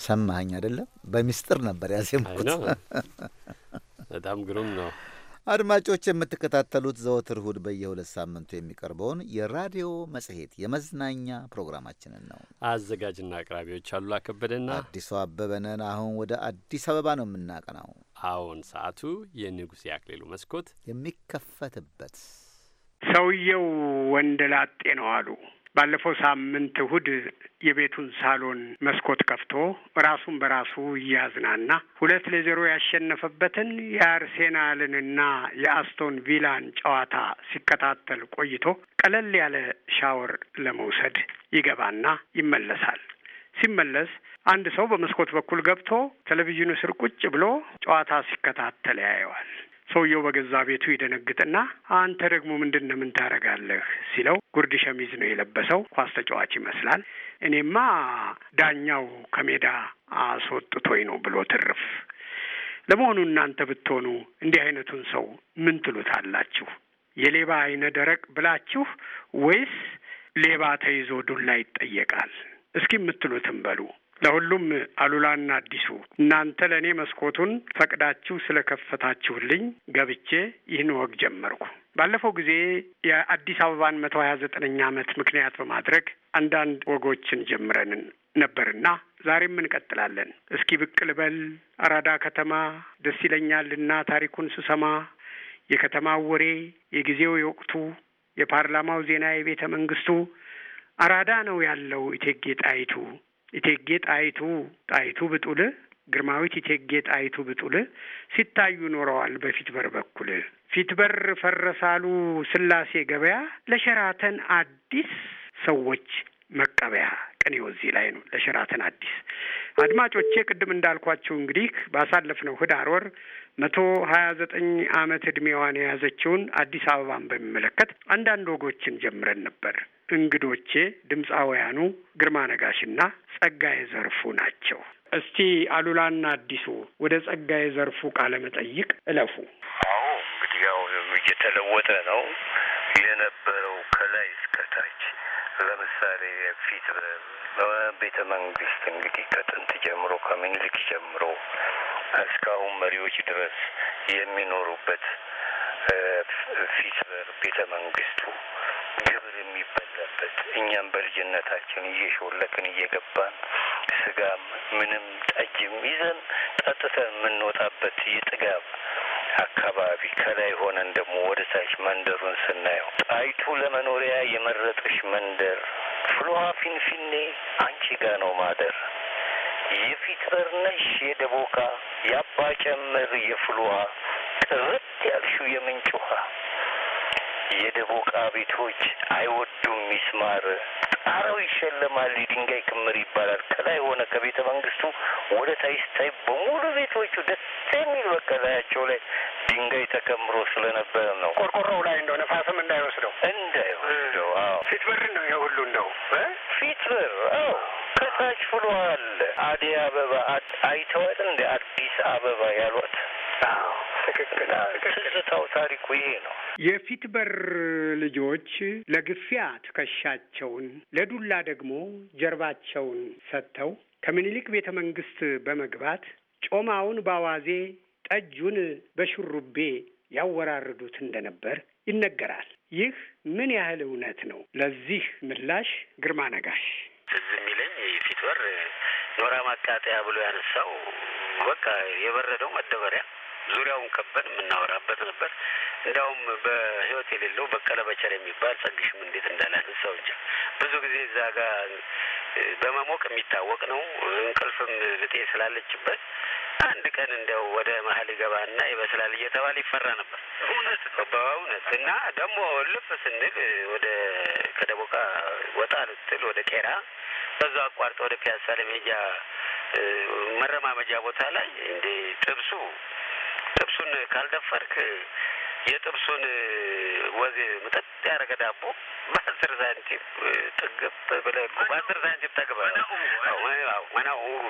ሰማኝ አይደለም? በሚስጥር ነበር ያዜምኩት። በጣም ግሩም ነው። አድማጮች የምትከታተሉት ዘወትር እሁድ በየሁለት ሳምንቱ የሚቀርበውን የራዲዮ መጽሔት የመዝናኛ ፕሮግራማችንን ነው። አዘጋጅና አቅራቢዎች አሉላ ከበደና አዲሱ አበበነን። አሁን ወደ አዲስ አበባ ነው የምናቀናው። አሁን ሰዓቱ የንጉሴ አክሊሉ መስኮት የሚከፈትበት። ሰውየው ወንድ ላጤ ነው አሉ ባለፈው ሳምንት እሁድ የቤቱን ሳሎን መስኮት ከፍቶ ራሱን በራሱ እያዝናና ሁለት ለዜሮ ያሸነፈበትን የአርሴናልንና የአስቶን ቪላን ጨዋታ ሲከታተል ቆይቶ ቀለል ያለ ሻወር ለመውሰድ ይገባና ይመለሳል። ሲመለስ አንድ ሰው በመስኮት በኩል ገብቶ ቴሌቪዥኑ ስር ቁጭ ብሎ ጨዋታ ሲከታተል ያየዋል። ሰውየው በገዛ ቤቱ ይደነግጥና አንተ ደግሞ ምንድን ነው ምን ታደርጋለህ ሲለው ጉርድ ሸሚዝ ነው የለበሰው፣ ኳስ ተጫዋች ይመስላል። እኔማ ዳኛው ከሜዳ አስወጥቶኝ ነው ብሎ ትርፍ። ለመሆኑ እናንተ ብትሆኑ እንዲህ አይነቱን ሰው ምን ትሉታላችሁ? የሌባ አይነ ደረቅ ብላችሁ ወይስ ሌባ ተይዞ ዱላ ይጠየቃል እስኪ የምትሉትን በሉ። ለሁሉም አሉላና አዲሱ እናንተ ለእኔ መስኮቱን ፈቅዳችሁ ስለከፈታችሁልኝ ገብቼ ይህን ወግ ጀመርኩ። ባለፈው ጊዜ የአዲስ አበባን መቶ ሀያ ዘጠነኛ ዓመት ምክንያት በማድረግ አንዳንድ ወጎችን ጀምረንን ነበርና ዛሬም እንቀጥላለን። እስኪ ብቅ ልበል አራዳ ከተማ ደስ ይለኛልና ታሪኩን ስሰማ የከተማው ወሬ፣ የጊዜው የወቅቱ፣ የፓርላማው ዜና፣ የቤተ መንግስቱ አራዳ ነው ያለው እቴጌ ጣይቱ እቴጌ ጣይቱ ጣይቱ ብጡል ግርማዊት እቴጌ ጣይቱ ብጡል ሲታዩ ኖረዋል በፊት በር በኩል። ፊት በር ፈረሳሉ ስላሴ ገበያ ለሸራተን አዲስ ሰዎች መቀበያ ቅኔው እዚህ ላይ ነው። ለሸራተን አዲስ አድማጮቼ፣ ቅድም እንዳልኳቸው እንግዲህ ባሳለፍነው ህዳር ወር መቶ ሀያ ዘጠኝ ዓመት እድሜዋን የያዘችውን አዲስ አበባን በሚመለከት አንዳንድ ወጎችን ጀምረን ነበር። እንግዶቼ ድምፃውያኑ ግርማ ነጋሽና ጸጋዬ ዘርፉ ናቸው። እስቲ አሉላና አዲሱ ወደ ጸጋዬ ዘርፉ ቃለ መጠይቅ እለፉ። አዎ እንግዲህ ያው እየተለወጠ ነው የነበረው ከላይ እስከታች ለምሳሌ ፊት በቤተ መንግስት እንግዲህ ከጥንት ጀምሮ ከምኒልክ ጀምሮ እስካሁን መሪዎች ድረስ የሚኖሩበት ፊት በር ቤተ መንግስቱ ግብር የሚበላበት እኛም በልጅነታችን እየሾለክን እየገባን ስጋም ምንም ጠጅም ይዘን ጠጥተን የምንወጣበት የጥጋብ አካባቢ ከላይ ሆነን ደግሞ ወደ ታች መንደሩን ስናየው ጣይቱ ለመኖሪያ የመረጠሽ መንደር ፍልውሃ ፊንፊኔ አንቺ ጋ ነው ማደር የፊት በርነሽ የደቦካ የደቦቃ የአባ ጨምር ያልሹ ጥርት የምንጭ ውሃ የደቦ ቃቢቶች አይወዱም ሚስማር ጣራው ይሸለማል የድንጋይ ክምር ይባላል። ከላይ ሆነ ከቤተ መንግስቱ ወደ ታች በሙሉ ቤቶቹ ደስ የሚል በቃ ላያቸው ላይ ድንጋይ ተከምሮ ስለነበረ ነው። ቆርቆሮው ላይ እንደው ነፋስም እንዳይወስደው እንዳይወስደው። አዎ ፊት በር ነው የሁሉ እንደው ፊት በር አዎ ከታች አለ አደይ አበባ አይተዋል እንደ አዲስ አበባ ያሏት የፊት በር ልጆች ለግፊያ ትከሻቸውን ለዱላ ደግሞ ጀርባቸውን ሰጥተው ከምኒልክ ቤተ መንግስት በመግባት ጮማውን በአዋዜ ጠጁን በሹሩቤ ያወራርዱት እንደነበር ይነገራል። ይህ ምን ያህል እውነት ነው? ለዚህ ምላሽ ግርማ ነጋሽ። ትዝ የሚለኝ የፊት በር ኖራ ማቃጠያ ብሎ ያነሳው በቃ የበረደው መደበሪያ ዙሪያውን ከበን የምናወራበት ነበር። እንዲያውም በህይወት የሌለው በቀለ በቸር የሚባል ጸግሽም እንዴት እንዳላነሳው እንጂ ብዙ ጊዜ እዛ ጋር በመሞቅ የሚታወቅ ነው። እንቅልፍም ልጤ ስላለችበት አንድ ቀን እንዲያው ወደ መሀል ይገባና ይበስላል እየተባለ ይፈራ ነበር። እውነት በእውነት እና ደግሞ ልፍ ስንል ወደ ከደቦቃ ወጣ ልትል ወደ ቄራ በዛ አቋርጠ ወደ ፒያሳ ለሜጃ መረማመጃ ቦታ ላይ እንዴ ጥብሱ ጥብሱን ካልደፈርክ የጥብሱን ወዜ ምጠጥ ያደረገ ዳቦ በአስር ሳንቲም ጥግብ ብለህ እኮ በአስር ሳንቲም ጠግበህ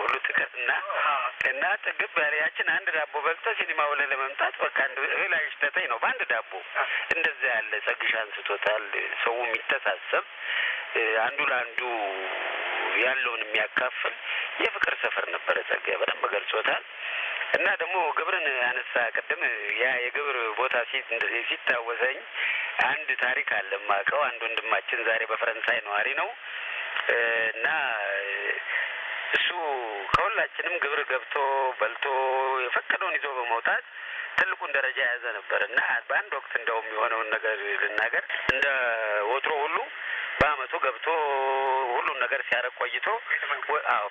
ሁሉ ትቀርና እና እና ጥግብ ያችን አንድ ዳቦ በልተህ ሲኒማ ውለህ ለመምጣት በቃ አንድ እህል አይሽተተኝ ነው በአንድ ዳቦ። እንደዛ ያለ ጸግሽ አንስቶታል። ሰው የሚተሳሰብ አንዱ ለአንዱ ያለውን የሚያካፍል የፍቅር ሰፈር ነበረ። ጸጋ በደንብ ገልጾታል። እና ደግሞ ግብርን አነሳ ቅድም። ያ የግብር ቦታ ሲታወሰኝ አንድ ታሪክ አለ አንድ ወንድማችን ዛሬ በፈረንሳይ ነዋሪ ነው እና እሱ ከሁላችንም ግብር ገብቶ በልቶ የፈቀደውን ይዞ በመውጣት ትልቁን ደረጃ የያዘ ነበር እና በአንድ ወቅት እንደውም የሆነውን ነገር ልናገር እንደ ወትሮ ሁሉ በአመቱ ገብቶ ሁሉን ነገር ሲያደርግ ቆይቶ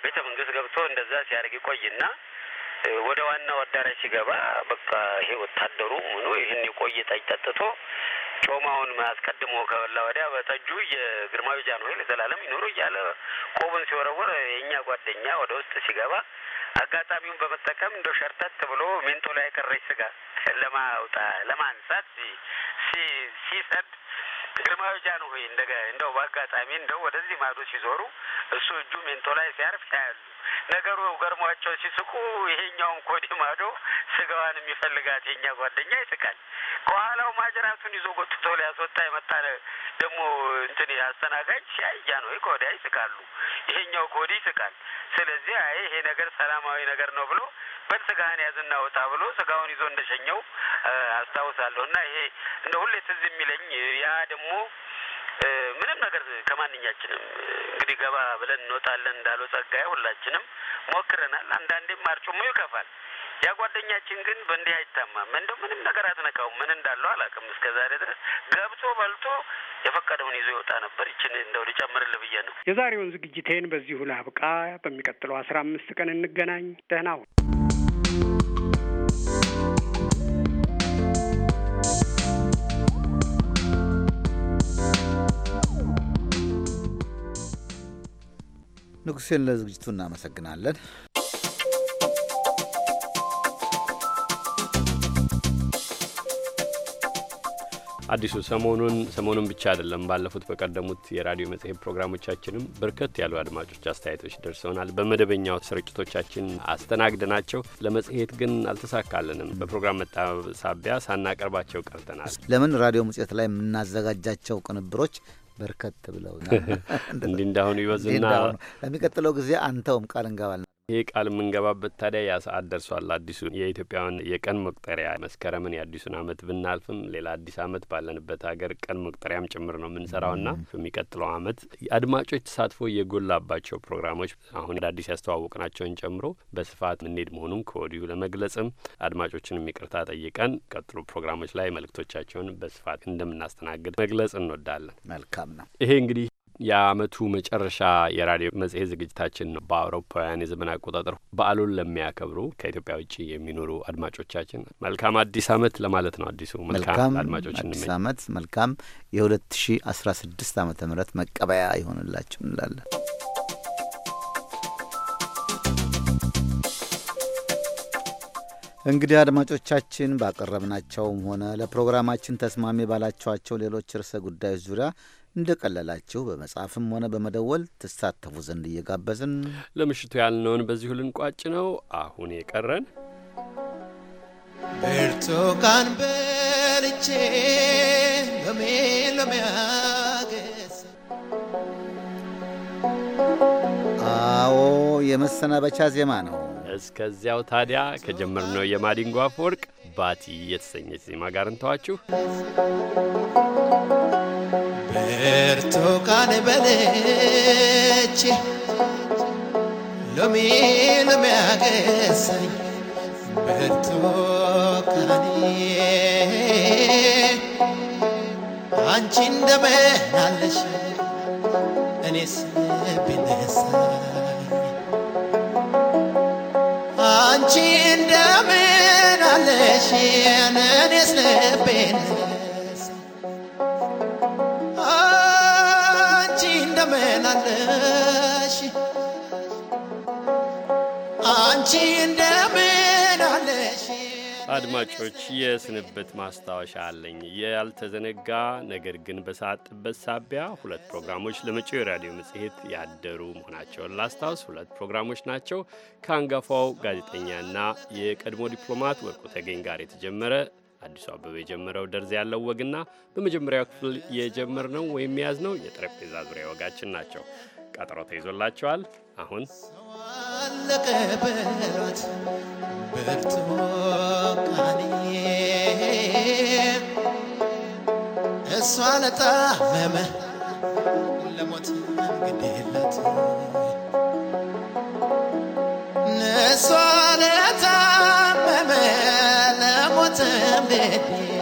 ቤተ መንግስት ገብቶ እንደዛ ሲያደርግ ይቆይና ወደ ዋናው አዳራሽ ሲገባ በቃ ይሄ ወታደሩ ምኑ ይህን የቆየ ጠጅ ጠጥቶ ጮማውን አስቀድሞ ከበላ ወዲያ በጠጁ የግርማዊ ጃንሆይ ለዘላለም ይኖሩ እያለ ቆቡን ሲወረወር የእኛ ጓደኛ ወደ ውስጥ ሲገባ አጋጣሚውን በመጠቀም እንደ ሸርተት ብሎ ሜንቶ ላይ የቀረች ስጋ ለማውጣ ለማንሳት ሲሰድ ግርማዊ ጃንሆይ እንደው በአጋጣሚ እንደው ወደዚህ ማዶ ሲዞሩ እሱ እጁ ሜንቶ ላይ ሲያርፍ ያያሉ። ነገሩ ገርሟቸው ሲስቁ ይሄኛውም ኮዲ ማዶ ስጋዋን የሚፈልጋት የኛ ጓደኛ ይስቃል። ከኋላው ማጅራቱን ይዞ ጎትቶ ሊያስወጣ የመጣ ደግሞ እንትን አስተናጋጅ ሲያያ ነው ከወዲያ ይስቃሉ፣ ይሄኛው ኮዲ ይስቃል። ስለዚህ አይ ይሄ ነገር ሰላማዊ ነገር ነው ብሎ በል ስጋህን ያዝና ወጣ ብሎ ስጋውን ይዞ እንደሸኘው አስታውሳለሁ። እና ይሄ እንደ ሁሌ ትዝ የሚለኝ ያ ደግሞ ምንም ነገር ከማንኛችንም እንግዲህ ገባ ብለን እንወጣለን እንዳለው ጸጋ ሁላችንም ሞክረናል። አንዳንዴም አርጩሞ ይከፋል። ያ ጓደኛችን ግን በእንዲህ አይታማም። እንደው ምንም ነገር አትነካው። ምን እንዳለው አላውቅም። እስከ ዛሬ ድረስ ገብቶ በልቶ የፈቀደውን ይዞ ይወጣ ነበር። ይችን እንደው ልጨምርልህ ብዬ ነው። የዛሬውን ዝግጅቴን በዚሁ ላብቃ። በሚቀጥለው አስራ አምስት ቀን እንገናኝ። ደህና ሁን። ንጉሴን ለዝግጅቱ እናመሰግናለን። አዲሱ ሰሞኑን ሰሞኑን ብቻ አይደለም፣ ባለፉት በቀደሙት የራዲዮ መጽሔት ፕሮግራሞቻችንም በርከት ያሉ አድማጮች አስተያየቶች ደርሰውናል። በመደበኛው ስርጭቶቻችን አስተናግደናቸው ለመጽሔት ግን አልተሳካልንም። በፕሮግራም መጣበብ ሳቢያ ሳናቀርባቸው ቀርተናል። ለምን ራዲዮ መጽሔት ላይ የምናዘጋጃቸው ቅንብሮች በርከት ብለው እንዲህ እንዳሁኑ ይወዝና ለሚቀጥለው ጊዜ አንተውም ቃል እንገባል። ይሄ ቃል የምንገባበት ታዲያ ያ ሰዓት ደርሷል። አዲሱ የኢትዮጵያውን የቀን መቁጠሪያ መስከረምን የአዲሱን አመት ብናልፍም ሌላ አዲስ አመት ባለንበት ሀገር ቀን መቁጠሪያም ጭምር ነው የምንሰራውና የሚቀጥለው አመት አድማጮች ተሳትፎ የጎላባቸው ፕሮግራሞች አሁን አዳዲስ ያስተዋወቅናቸውን ጨምሮ በስፋት የምንሄድ መሆኑን ከወዲሁ ለመግለጽም አድማጮችን ይቅርታ ጠይቀን ቀጥሎ ፕሮግራሞች ላይ መልእክቶቻቸውን በስፋት እንደምናስተናግድ መግለጽ እንወዳለን። መልካም ነው። ይሄ እንግዲህ የአመቱ መጨረሻ የራዲዮ መጽሔት ዝግጅታችን ነው። በአውሮፓውያን የዘመን አቆጣጠር በዓሉን ለሚያከብሩ ከኢትዮጵያ ውጭ የሚኖሩ አድማጮቻችን መልካም አዲስ አመት ለማለት ነው። አዲሱ መልካም አድማጮች አዲስ አመት መልካም የ ሺ አስራ ምህረት መቀበያ ይሆንላቸው እንላለን። እንግዲህ አድማጮቻችን ባቀረብናቸውም ሆነ ለፕሮግራማችን ተስማሚ ባላቸዋቸው ሌሎች ርዕሰ ጉዳዮች ዙሪያ እንደቀለላችሁ በመጻፍም ሆነ በመደወል ትሳተፉ ዘንድ እየጋበዝን ለምሽቱ ያልነውን በዚሁ ልንቋጭ ነው። አሁን የቀረን ብርቱካን በልቼ ሎሜ ሎሚ አዎ የመሰናበቻ ዜማ ነው። እስከዚያው ታዲያ ከጀመርነው የማዲንጎ አፈወርቅ ባቲ የተሰኘች ዜማ ጋር እንተዋችሁ። ብርቱካን በልቼ ሎሚ ሎሚ ያገሳኝ ብርቱካኔ አንቺ እንደምን አለሽ እኔስ ብነሳኝ አንቺ እንደምን አለሽ እኔስ ልቤ አለሽ አንቺ እንደምን አለሽ። አድማጮች የስንብት ማስታወሻ አለኝ። ያልተዘነጋ ነገር ግን በሳጥበት ሳቢያ ሁለት ፕሮግራሞች ለመጪው የራዲዮ መጽሔት ያደሩ መሆናቸውን ላስታውስ። ሁለት ፕሮግራሞች ናቸው። ከአንጋፋው ጋዜጠኛና የቀድሞ ዲፕሎማት ወርቁ ተገኝ ጋር የተጀመረ አዲሱ አበበ የጀመረው ደርዝ ያለው ወግና በመጀመሪያው ክፍል የጀመርነው ወይም የያዝነው የጠረጴዛ ዙሪያ ወጋችን ናቸው። ቀጠሮ ተይዞላቸዋል። አሁን ለቀበራት እሷ ለጣመመ ለሞት to baby.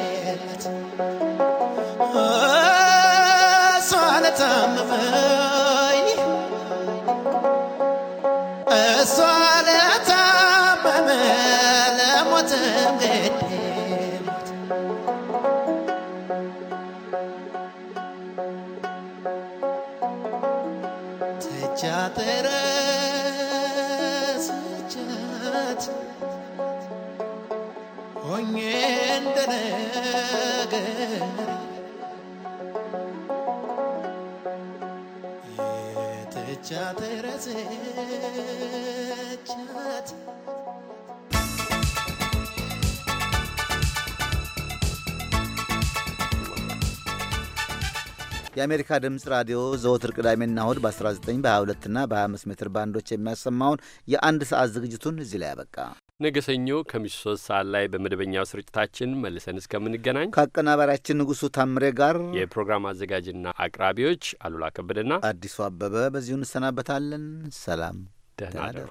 የአሜሪካ ድምፅ ራዲዮ ዘወትር ቅዳሜና እሁድ በ19 በ22 እና በ25 ሜትር ባንዶች የሚያሰማውን የአንድ ሰዓት ዝግጅቱን እዚህ ላይ ያበቃ። ነገ ሰኞ ከምሽቱ ሶስት ሰዓት ላይ በመደበኛው ስርጭታችን መልሰን እስከምንገናኝ ከአቀናባሪያችን ንጉሱ ታምሬ ጋር የፕሮግራም አዘጋጅና አቅራቢዎች አሉላ ከበደና አዲሱ አበበ በዚሁ እንሰናበታለን። ሰላም፣ ደህና ደሩ።